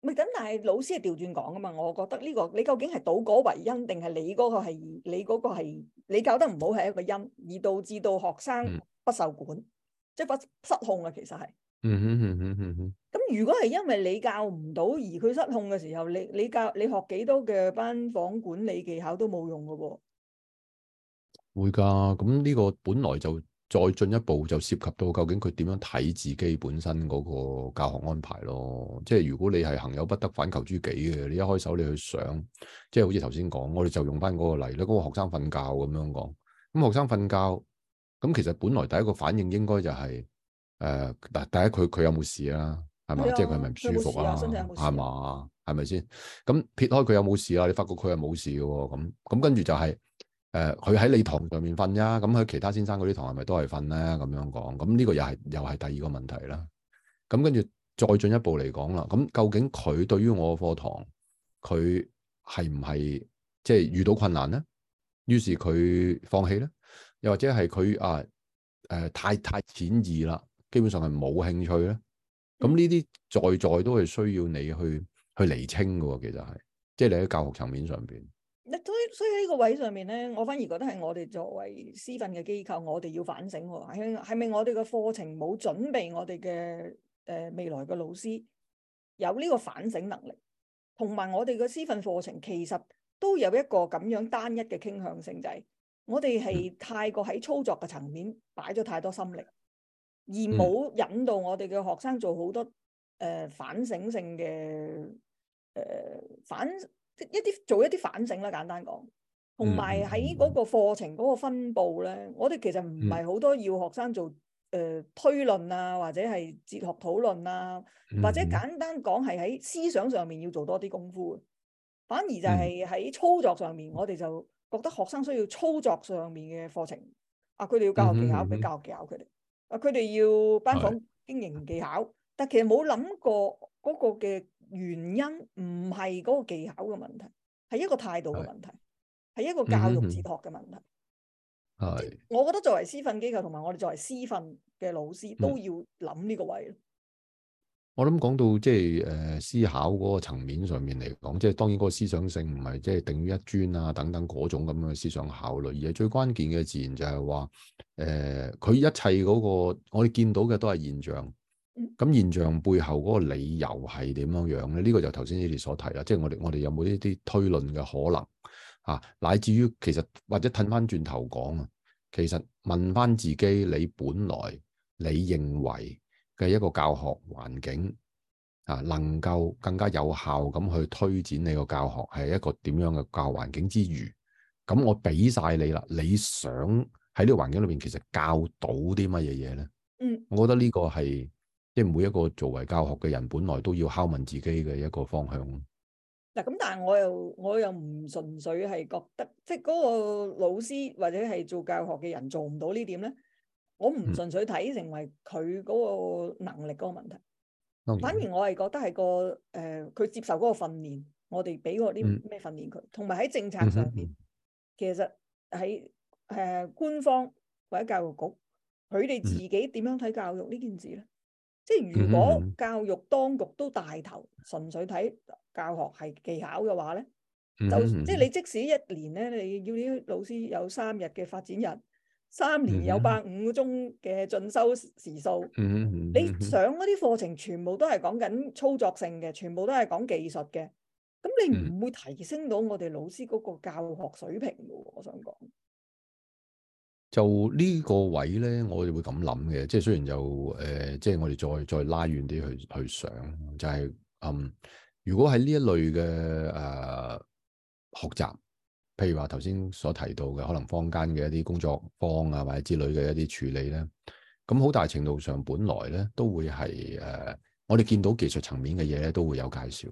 咪咁，但係老師係調轉講噶嘛？我覺得呢、這個你究竟係倒果為因，定係你嗰個係你嗰個係你教得唔好係一個因，而導致到學生不受管，嗯、即係不失控嘅。其實係。嗯哼嗯哼嗯嗯嗯嗯。咁如果係因為你教唔到而佢失控嘅時候，你你教你學幾多嘅班房管理技巧都冇用噶喎。會噶，咁呢個本來就再進一步就涉及到究竟佢點樣睇自己本身嗰個教學安排咯。即係如果你係行有不得反求諸己嘅，你一開手你去想，即係好似頭先講，我哋就用翻嗰個例啦。嗰個學生瞓覺咁樣講，咁學生瞓覺，咁其實本來第一個反應應該就係、是、誒，嗱、呃，第一佢佢有冇事啊？係咪？啊、即係佢係咪唔舒服啊？係嘛、啊，係咪先？咁撇開佢有冇事啦、啊，你發覺佢係冇事嘅、啊，咁咁跟住就係、是。誒佢喺你堂上面瞓呀，咁佢其他先生嗰啲堂係咪都係瞓咧？咁樣講，咁呢個又係又係第二個問題啦。咁跟住再進一步嚟講啦，咁究竟佢對於我嘅課堂，佢係唔係即係遇到困難咧？於是佢放棄咧，又或者係佢啊誒、呃、太太淺易啦，基本上係冇興趣咧？咁呢啲在在都係需要你去去釐清㗎喎，其實係即係你喺教學層面上邊，所以，所以呢個位上面咧，我反而覺得係我哋作為師訓嘅機構，我哋要反省喎、哦。係咪我哋嘅課程冇準備我哋嘅誒未來嘅老師有呢個反省能力？同埋我哋嘅師訓課程其實都有一個咁樣單一嘅傾向性，就係、是、我哋係太過喺操作嘅層面擺咗太多心力，而冇引導我哋嘅學生做好多誒、呃、反省性嘅誒、呃、反。即一啲做一啲反省啦，簡單講，同埋喺嗰個課程嗰個分佈咧，嗯、我哋其實唔係好多要學生做誒、嗯呃、推論啊，或者係哲學討論啊，嗯、或者簡單講係喺思想上面要做多啲功夫。反而就係喺操作上面，嗯、我哋就覺得學生需要操作上面嘅課程。啊，佢哋要教學技巧，俾教學技巧佢哋。嗯嗯嗯、啊，佢哋要班房經營技巧，嗯、但其實冇諗過嗰個嘅。原因唔係嗰個技巧嘅問題，係一個態度嘅問題，係的一個教育哲學嘅問題。係的，我覺得作為師訓機構同埋我哋作為師訓嘅老師都要諗呢個位。我諗講到即係誒思考嗰個層面上面嚟講，即係當然個思想性唔係即係定於一尊啊等等嗰種咁樣嘅思想考慮，而係最關鍵嘅自然就係話，誒，佢一切嗰個我哋見到嘅都係現象。咁、嗯、現象背後嗰個理由係點樣樣咧？呢、這個就頭先你哋所提啦，即係我哋我哋有冇呢啲推論嘅可能啊？乃至於其實或者褪翻轉頭講啊，其實問翻自己，你本來你認為嘅一個教學環境啊，能夠更加有效咁去推展你個教學係一個點樣嘅教學環境之餘，咁、啊、我俾晒你啦，你想喺呢個環境裏邊，其實教到啲乜嘢嘢咧？嗯，我覺得呢個係。即係每一個作為教學嘅人，本來都要拷問自己嘅一個方向。嗱，咁但係我又我又唔純粹係覺得，即係嗰個老師或者係做教學嘅人做唔到點呢點咧？我唔純粹睇成為佢嗰個能力嗰個問題，嗯、反而我係覺得係個誒，佢、呃、接受嗰個訓練，我哋俾我啲咩訓練佢，同埋喺政策上面。嗯、哼其實喺誒、呃、官方或者教育局，佢哋自己點樣睇教育呢件事咧？即係如果教育當局都大頭，純粹睇教學係技巧嘅話咧，就即係你即使一年咧，你要啲老師有三日嘅發展日，三年有百五個鐘嘅進修時數，你上嗰啲課程全部都係講緊操作性嘅，全部都係講技術嘅，咁你唔會提升到我哋老師嗰個教學水平噶喎，我想講。就呢個位咧，我哋會咁諗嘅，即係雖然就誒、呃，即係我哋再再拉遠啲去去想，就係、是、嗯，如果喺呢一類嘅誒、呃、學習，譬如話頭先所提到嘅，可能坊間嘅一啲工作坊啊，或者之類嘅一啲處理咧，咁好大程度上，本來咧都會係誒、呃，我哋見到技術層面嘅嘢咧，都會有介紹。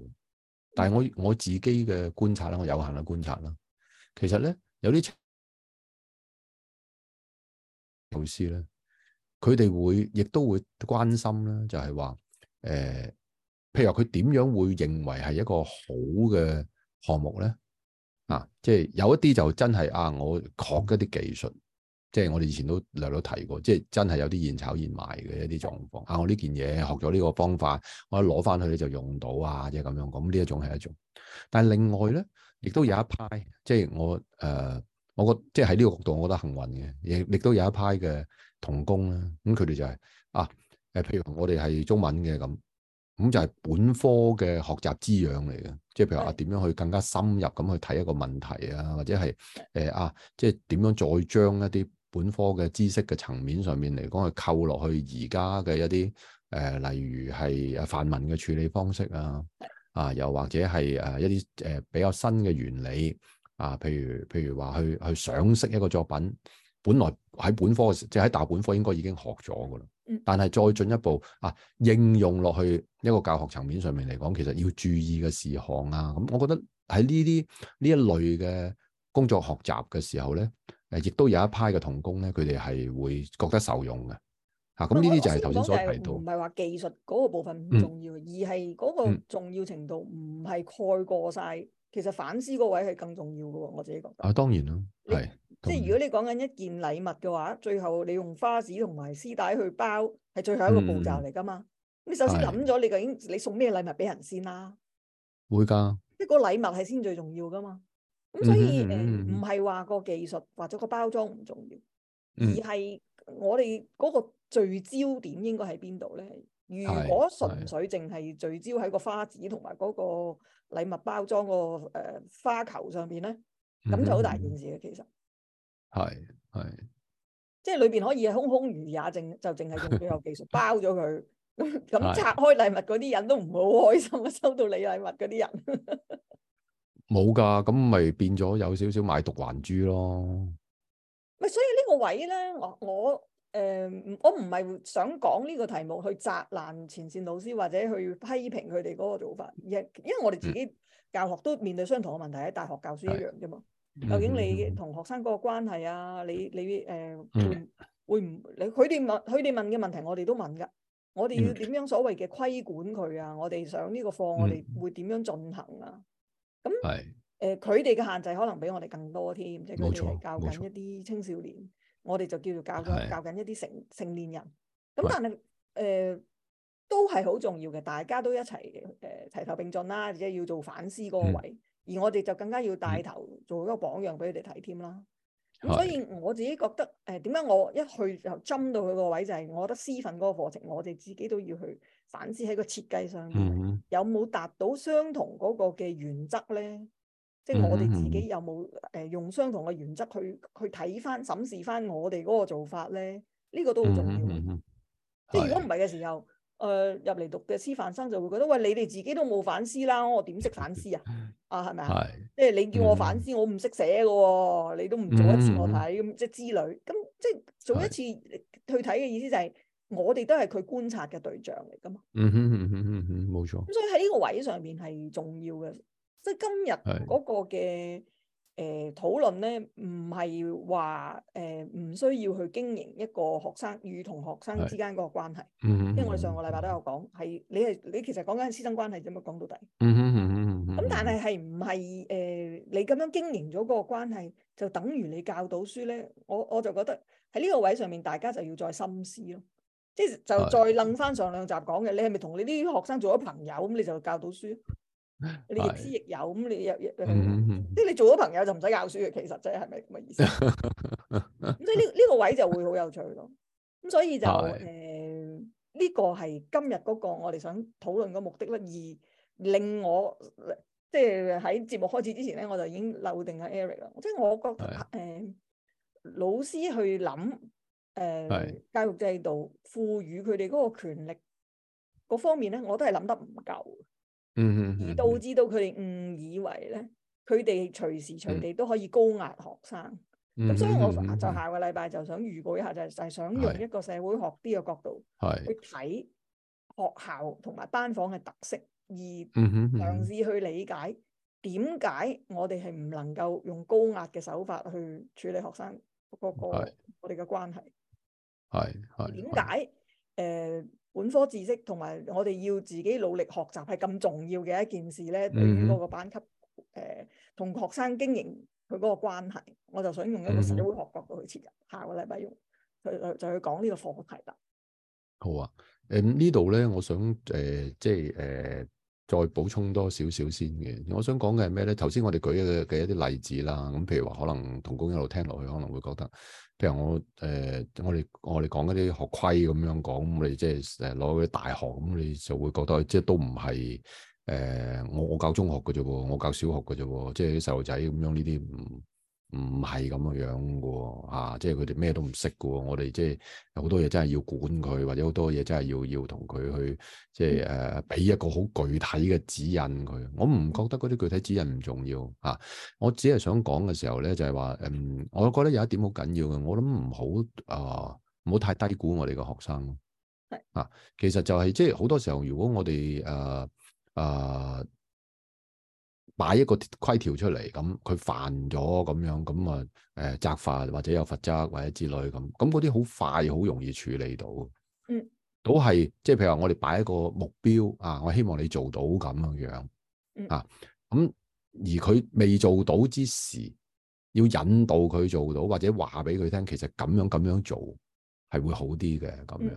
但係我我自己嘅觀察啦，我有限嘅觀察啦，其實咧有啲。老師咧，佢哋會亦都會關心啦，就係話誒，譬如話佢點樣會認為係一個好嘅項目咧？啊，即係有一啲就真係啊，我學一啲技術，即係我哋以前都略略提過，即係真係有啲現炒現賣嘅一啲狀況。啊，我呢件嘢學咗呢個方法，我一攞翻去咧就用到啊，即係咁樣。咁呢一種係一種，但係另外咧，亦都有一派，即係我誒。呃我覺得即係喺呢個角度，我覺得幸運嘅，亦亦都有一批嘅同工啦。咁佢哋就係、是、啊，誒，譬如我哋係中文嘅，咁，咁就係本科嘅學習滋養嚟嘅。即係譬如話，點樣去更加深入咁去睇一個問題啊，或者係誒啊，即係點樣再將一啲本科嘅知識嘅層面上面嚟講去扣落去而家嘅一啲誒、呃，例如係範文嘅處理方式啊，啊，又或者係誒一啲誒比較新嘅原理。啊，譬如譬如話去去賞識一個作品，本來喺本科即係喺大本科應該已經學咗噶啦。嗯、但係再進一步啊，應用落去一個教學層面上面嚟講，其實要注意嘅事項啊，咁、嗯、我覺得喺呢啲呢一類嘅工作學習嘅時候咧，誒、啊、亦都有一批嘅同工咧，佢哋係會覺得受用嘅。嚇、啊，咁呢啲就係頭先所提到。唔係話技術嗰個部分唔重要，嗯嗯、而係嗰個重要程度唔係蓋過晒。其實反思個位係更重要噶，我自己覺得。啊，當然啦，係你是即係如果你講緊一件禮物嘅話，最後你用花紙同埋絲帶去包，係最後一個步驟嚟噶嘛。嗯、你首先諗咗你究竟你送咩禮物俾人先啦、啊，會噶的，即係嗰個禮物係先最重要噶嘛。咁所以誒唔係話個技術或者個包裝唔重要，嗯嗯、而係我哋嗰個聚焦點應該喺邊度咧？如果純粹淨係聚焦喺個花紙同埋嗰個。禮物包裝個誒花球上邊咧，咁就好大件事嘅其實，係係，即係裏邊可以空空如也，淨就淨係用咗有技術包咗佢，咁拆開禮物嗰啲人都唔會好開心啊！收到你禮物嗰啲人，冇㗎，咁咪變咗有少少買櫝還珠咯。咪所以呢個位咧，我我。誒、嗯，我唔係想講呢個題目去責難前線老師或者去批評佢哋嗰個做法，而係因為我哋自己教學都面對相同嘅問題，喺、嗯、大學教書一樣啫嘛。是究竟你同學生嗰個關係啊，你你誒、呃嗯、會唔你佢哋問佢哋問嘅問題我問，我哋都問噶。我哋要點樣所謂嘅規管佢啊？我哋上呢個課，我哋會點樣進行啊？咁誒、嗯，佢哋嘅限制可能比我哋更多添，即係佢哋係教緊一啲青少年。我哋就叫做教緊教緊一啲成成年人，咁但係誒喂、呃、都係好重要嘅，大家都一、呃、齊誒齊頭並進啦，即係要做反思嗰個位，嗯、而我哋就更加要帶頭做一個榜樣俾佢哋睇添啦。咁所以我自己覺得誒點解我一去就針到佢個位，就係、是、我覺得私訓嗰個課程，我哋自己都要去反思喺個設計上面，嗯哼，有冇達到相同嗰個嘅原則咧？即係我哋自己有冇誒、呃、用相同嘅原則去去睇翻審視翻我哋嗰個做法咧？呢、這個都好重要。 即係如果唔係嘅時候，誒入嚟讀嘅師範生就會覺得：喂，你哋自己都冇反思啦，我點識反思啊？啊係咪啊？ 即係你叫我反思，我唔識寫㗎喎。你都唔做一次我睇咁、 嗯、即係之類。咁即係做一次去睇嘅意思就係我哋都係佢觀察嘅對象嚟噶嘛。嗯哼嗯哼嗯哼，冇錯。咁所以喺呢個位上面係重要嘅。即係今日嗰個嘅誒討論咧，唔係話誒唔需要去經營一個學生與同學生之間嗰個關係。嗯，因為我哋上個禮拜都有講，係你係你其實講緊師生關係啫嘛。講到底，咁但係係唔係誒你咁樣經營咗嗰個關係，就等於你教到書咧？我我就覺得喺呢個位上面，大家就要再深思咯。即係就再諗返上兩集講嘅，你係咪同你啲學生做咗朋友咁，你就教到書？你亦師亦友，咁你又即係你做咗朋友就唔使教書嘅，其實真係咪咁嘅意思？咁 所以呢呢個位就會好有趣咯。咁所以就誒呢的、呃這個係今日嗰個我哋想討論嘅目的啦。而令我即係喺節目開始之前咧，我就已經留定阿 Eric 啦。即係我覺得誒的、呃、老師去諗誒、呃、的教育制度賦予佢哋嗰個權力嗰方面咧，我都係諗得唔夠。嗯嗯，而導致到佢哋誤以為咧，佢哋隨時隨地都可以高壓學生。咁所以我就下個禮拜就想預告一下，就就係想用一個社會學啲嘅角度去睇學校同埋班房嘅特色，而嘗試去理解點解我哋係唔能夠用高壓嘅手法去處理學生嗰個我哋嘅關係。係係點解？誒。本科知識同埋我哋要自己努力學習係咁重要嘅一件事咧，對於嗰個班級誒、同、呃、學生經營佢嗰個關係，我就想用一個社會學角度去切入。下個禮拜用佢就去講呢個課題啦。好啊，誒、呃、呢度咧，我想誒、呃、即係誒。呃再補充多少少先嘅，我想講嘅係咩咧？頭先我哋舉嘅嘅一啲例子啦，咁譬如話可能同工一路聽落去，可能會覺得，譬如我誒、呃，我哋我哋講嗰啲學規咁樣講，咁、嗯、你即係誒攞啲大學，咁、嗯、你就會覺得即係都唔係誒，我我教中學嘅啫喎，我教小學嘅啫喎，即係啲細路仔咁樣呢啲唔。嗯唔係咁樣嘅喎，嚇、啊！即係佢哋咩都唔識嘅喎，我哋即係好多嘢真係要管佢，或者好多嘢真係要要同佢去即係誒俾一個好具體嘅指引佢。我唔覺得嗰啲具體指引唔重要嚇、啊，我只係想講嘅時候咧，就係話，嗯，我覺得有一點好緊要嘅，我諗唔好啊，唔好太低估我哋嘅學生。啊，其實就係即係好多時候，如果我哋誒啊。呃呃擺一個規條出嚟，咁佢犯咗咁樣，咁啊，誒，責罰或者有罰則或者之類咁，咁嗰啲好快，好容易處理到。嗯，都係即係，譬如話我哋擺一個目標啊，我希望你做到咁樣樣。嗯。啊，咁、啊、而佢未做到之時，要引導佢做到，或者話俾佢聽，其實咁樣咁樣做係會好啲嘅，咁樣。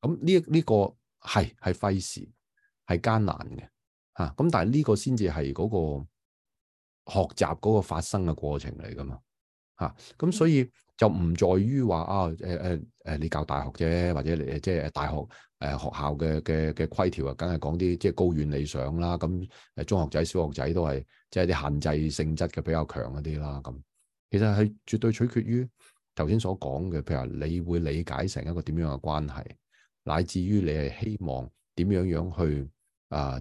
咁呢一呢個係係費事，係艱難嘅。啊！咁但係呢個先至係嗰個學習嗰個發生嘅過程嚟㗎嘛？吓、啊、咁，所以就唔在於話啊誒誒誒，你教大學啫，或者誒即係大學誒、呃、學校嘅嘅嘅規條啊，梗係講啲即係高遠理想啦。咁、啊、誒，中學仔、小學仔都係即係啲限制性質嘅比較強一啲啦。咁、啊、其實係絕對取決於頭先所講嘅，譬如你會理解成一個點樣嘅關係，乃至於你係希望點樣樣去啊？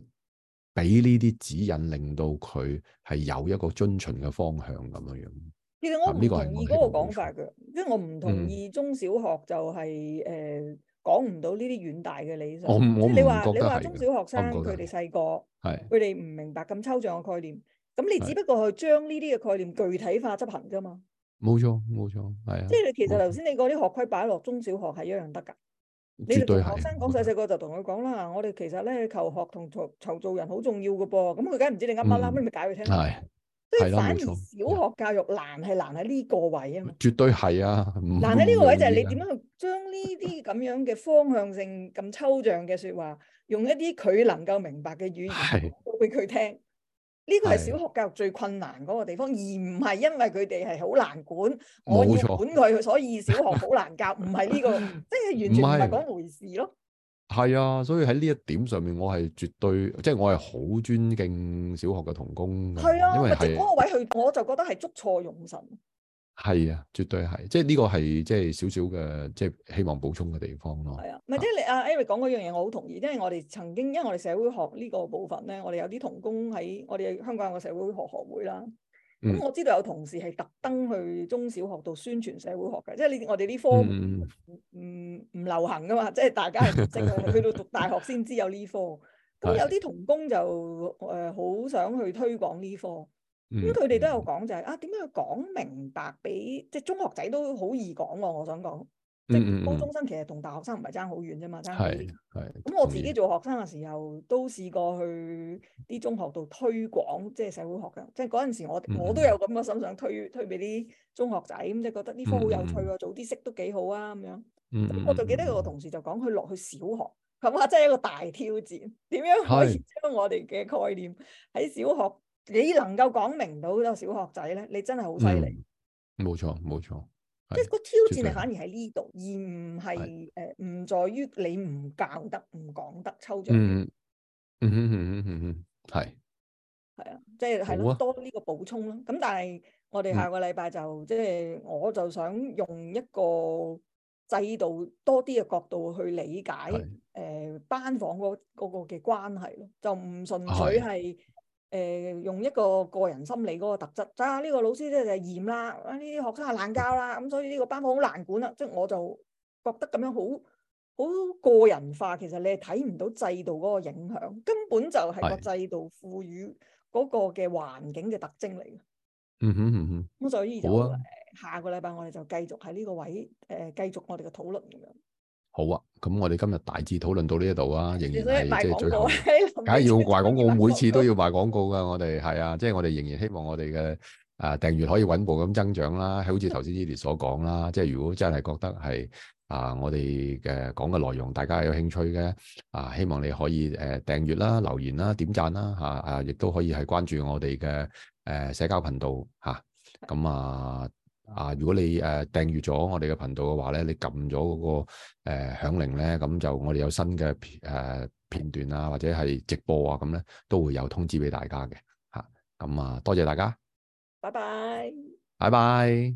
喺呢啲指引令到佢係有一個遵循嘅方向咁樣樣。其實我唔同意嗰個講法嘅，嗯、因為我唔同意中小學就係、是、誒、呃、講唔到呢啲遠大嘅理想。我唔覺得係。你話你話中小學生佢哋細個，係佢哋唔明白咁抽象嘅概念，咁你只不過去的將呢啲嘅概念具體化執行啫嘛。冇錯，冇錯，係啊。即係你其實頭先錯你講啲學規擺落中小學係一樣得噶。你哋同學生講，細細個就同佢講啦，嗯、我哋其實咧求學同求求做人好重要嘅噃，咁佢梗係唔知你噏乜啦，嗯、你咪解佢聽的。係。即係反而小學教育、嗯、難係難喺呢個位啊嘛。絕對係啊。難喺呢個位就係你點樣去將呢啲咁樣嘅方向性咁抽象嘅說話， 用一啲佢能夠明白嘅語言講俾佢聽。呢個係小學教育最困難嗰個地方，的而唔係因為佢哋係好難管，錯我要管佢，所以小學好難教，唔係呢個，即係完全唔係嗰回事咯。係啊，所以喺呢一點上面，我係絕對，即係我係好尊敬小學嘅同工，係啊的，因為嗰個位去，我就覺得係捉錯用神。係啊，絕對係，即係呢個係即係少少嘅，即係希望補充嘅地方咯。係、就是、啊，唔係即係你阿 Eric 講嗰樣嘢，我好同意，因為我哋曾經，因為我哋社會學呢個部分咧，我哋有啲同工喺我哋香港嘅社會學學會啦。咁我知道有同事係特登去中小學度宣傳社會學嘅，即係呢我哋呢科唔唔唔流行噶嘛，即、就、係、是、大家係唔知去到讀大學先知有呢科。咁有啲同工就誒好、呃、想去推廣呢科。咁佢哋都有講就係、是、啊，點解要講明白俾即係中學仔都好易講、啊。我想講，即係高中生其實同大學生唔係爭好遠啫嘛。係係。咁我自己做學生嘅時候，意都試過去啲中學度推廣，即、就、係、是、社會學嘅。即係嗰陣時我，我、嗯、我都有咁嘅心，想推推俾啲中學仔，咁即係覺得呢科好有趣啊，早啲識都幾好啊，咁樣。咁我就記得有個同事就講，佢落去小學，佢話真係一個大挑戰，點樣可以將我哋嘅概念喺小學。是你能夠講明到個小學仔咧，你真係好犀利。冇錯，冇錯，即係個挑戰係反而喺呢度，而唔係誒，唔在於你唔教得、唔講得、抽象。嗯嗯嗯嗯嗯嗯，係。係啊，即係係咯，多呢個補充咯。咁但係我哋下個禮拜就即係，我就想用一個制度多啲嘅角度去理解誒班房個嗰個嘅關係咯，就唔純粹係。誒、呃，用一個個人心理嗰個特質，啊，呢、這個老師即係嫌啦，呢、啊、啲學生係懶交啦，咁、嗯、所以呢個班好難管啦。即係我就覺得咁樣好好個人化，其實你係睇唔到制度嗰個影響，根本就係個制度賦予嗰個嘅環境嘅特徵嚟嘅。嗯哼嗯哼。咁所以就下個禮拜我哋就繼續喺呢個位，誒、呃，繼續我哋嘅討論咁樣。好啊，咁我哋今日大致討論到呢一度啊，仍然係最後，梗係要賣廣告， 每次都要賣廣告噶。我哋係啊，即係我哋仍然希望我哋嘅啊訂閱可以穩步咁增長啦。好似頭先 Ethan 所講啦，即係如果真係覺得係啊、呃，我哋嘅講嘅內容大家有興趣嘅啊、呃，希望你可以誒訂閱啦、留言啦、點贊啦嚇啊，亦、啊、都可以係關注我哋嘅誒社交頻道嚇。咁啊～啊，如果你誒訂閲咗我哋嘅頻道嘅話咧，你撳咗嗰個誒響鈴咧，咁、呃、就我哋有新嘅片誒、呃、片段啊，或者係直播啊，咁咧都會有通知俾大家嘅嚇。咁啊，多謝大家，拜拜，拜拜。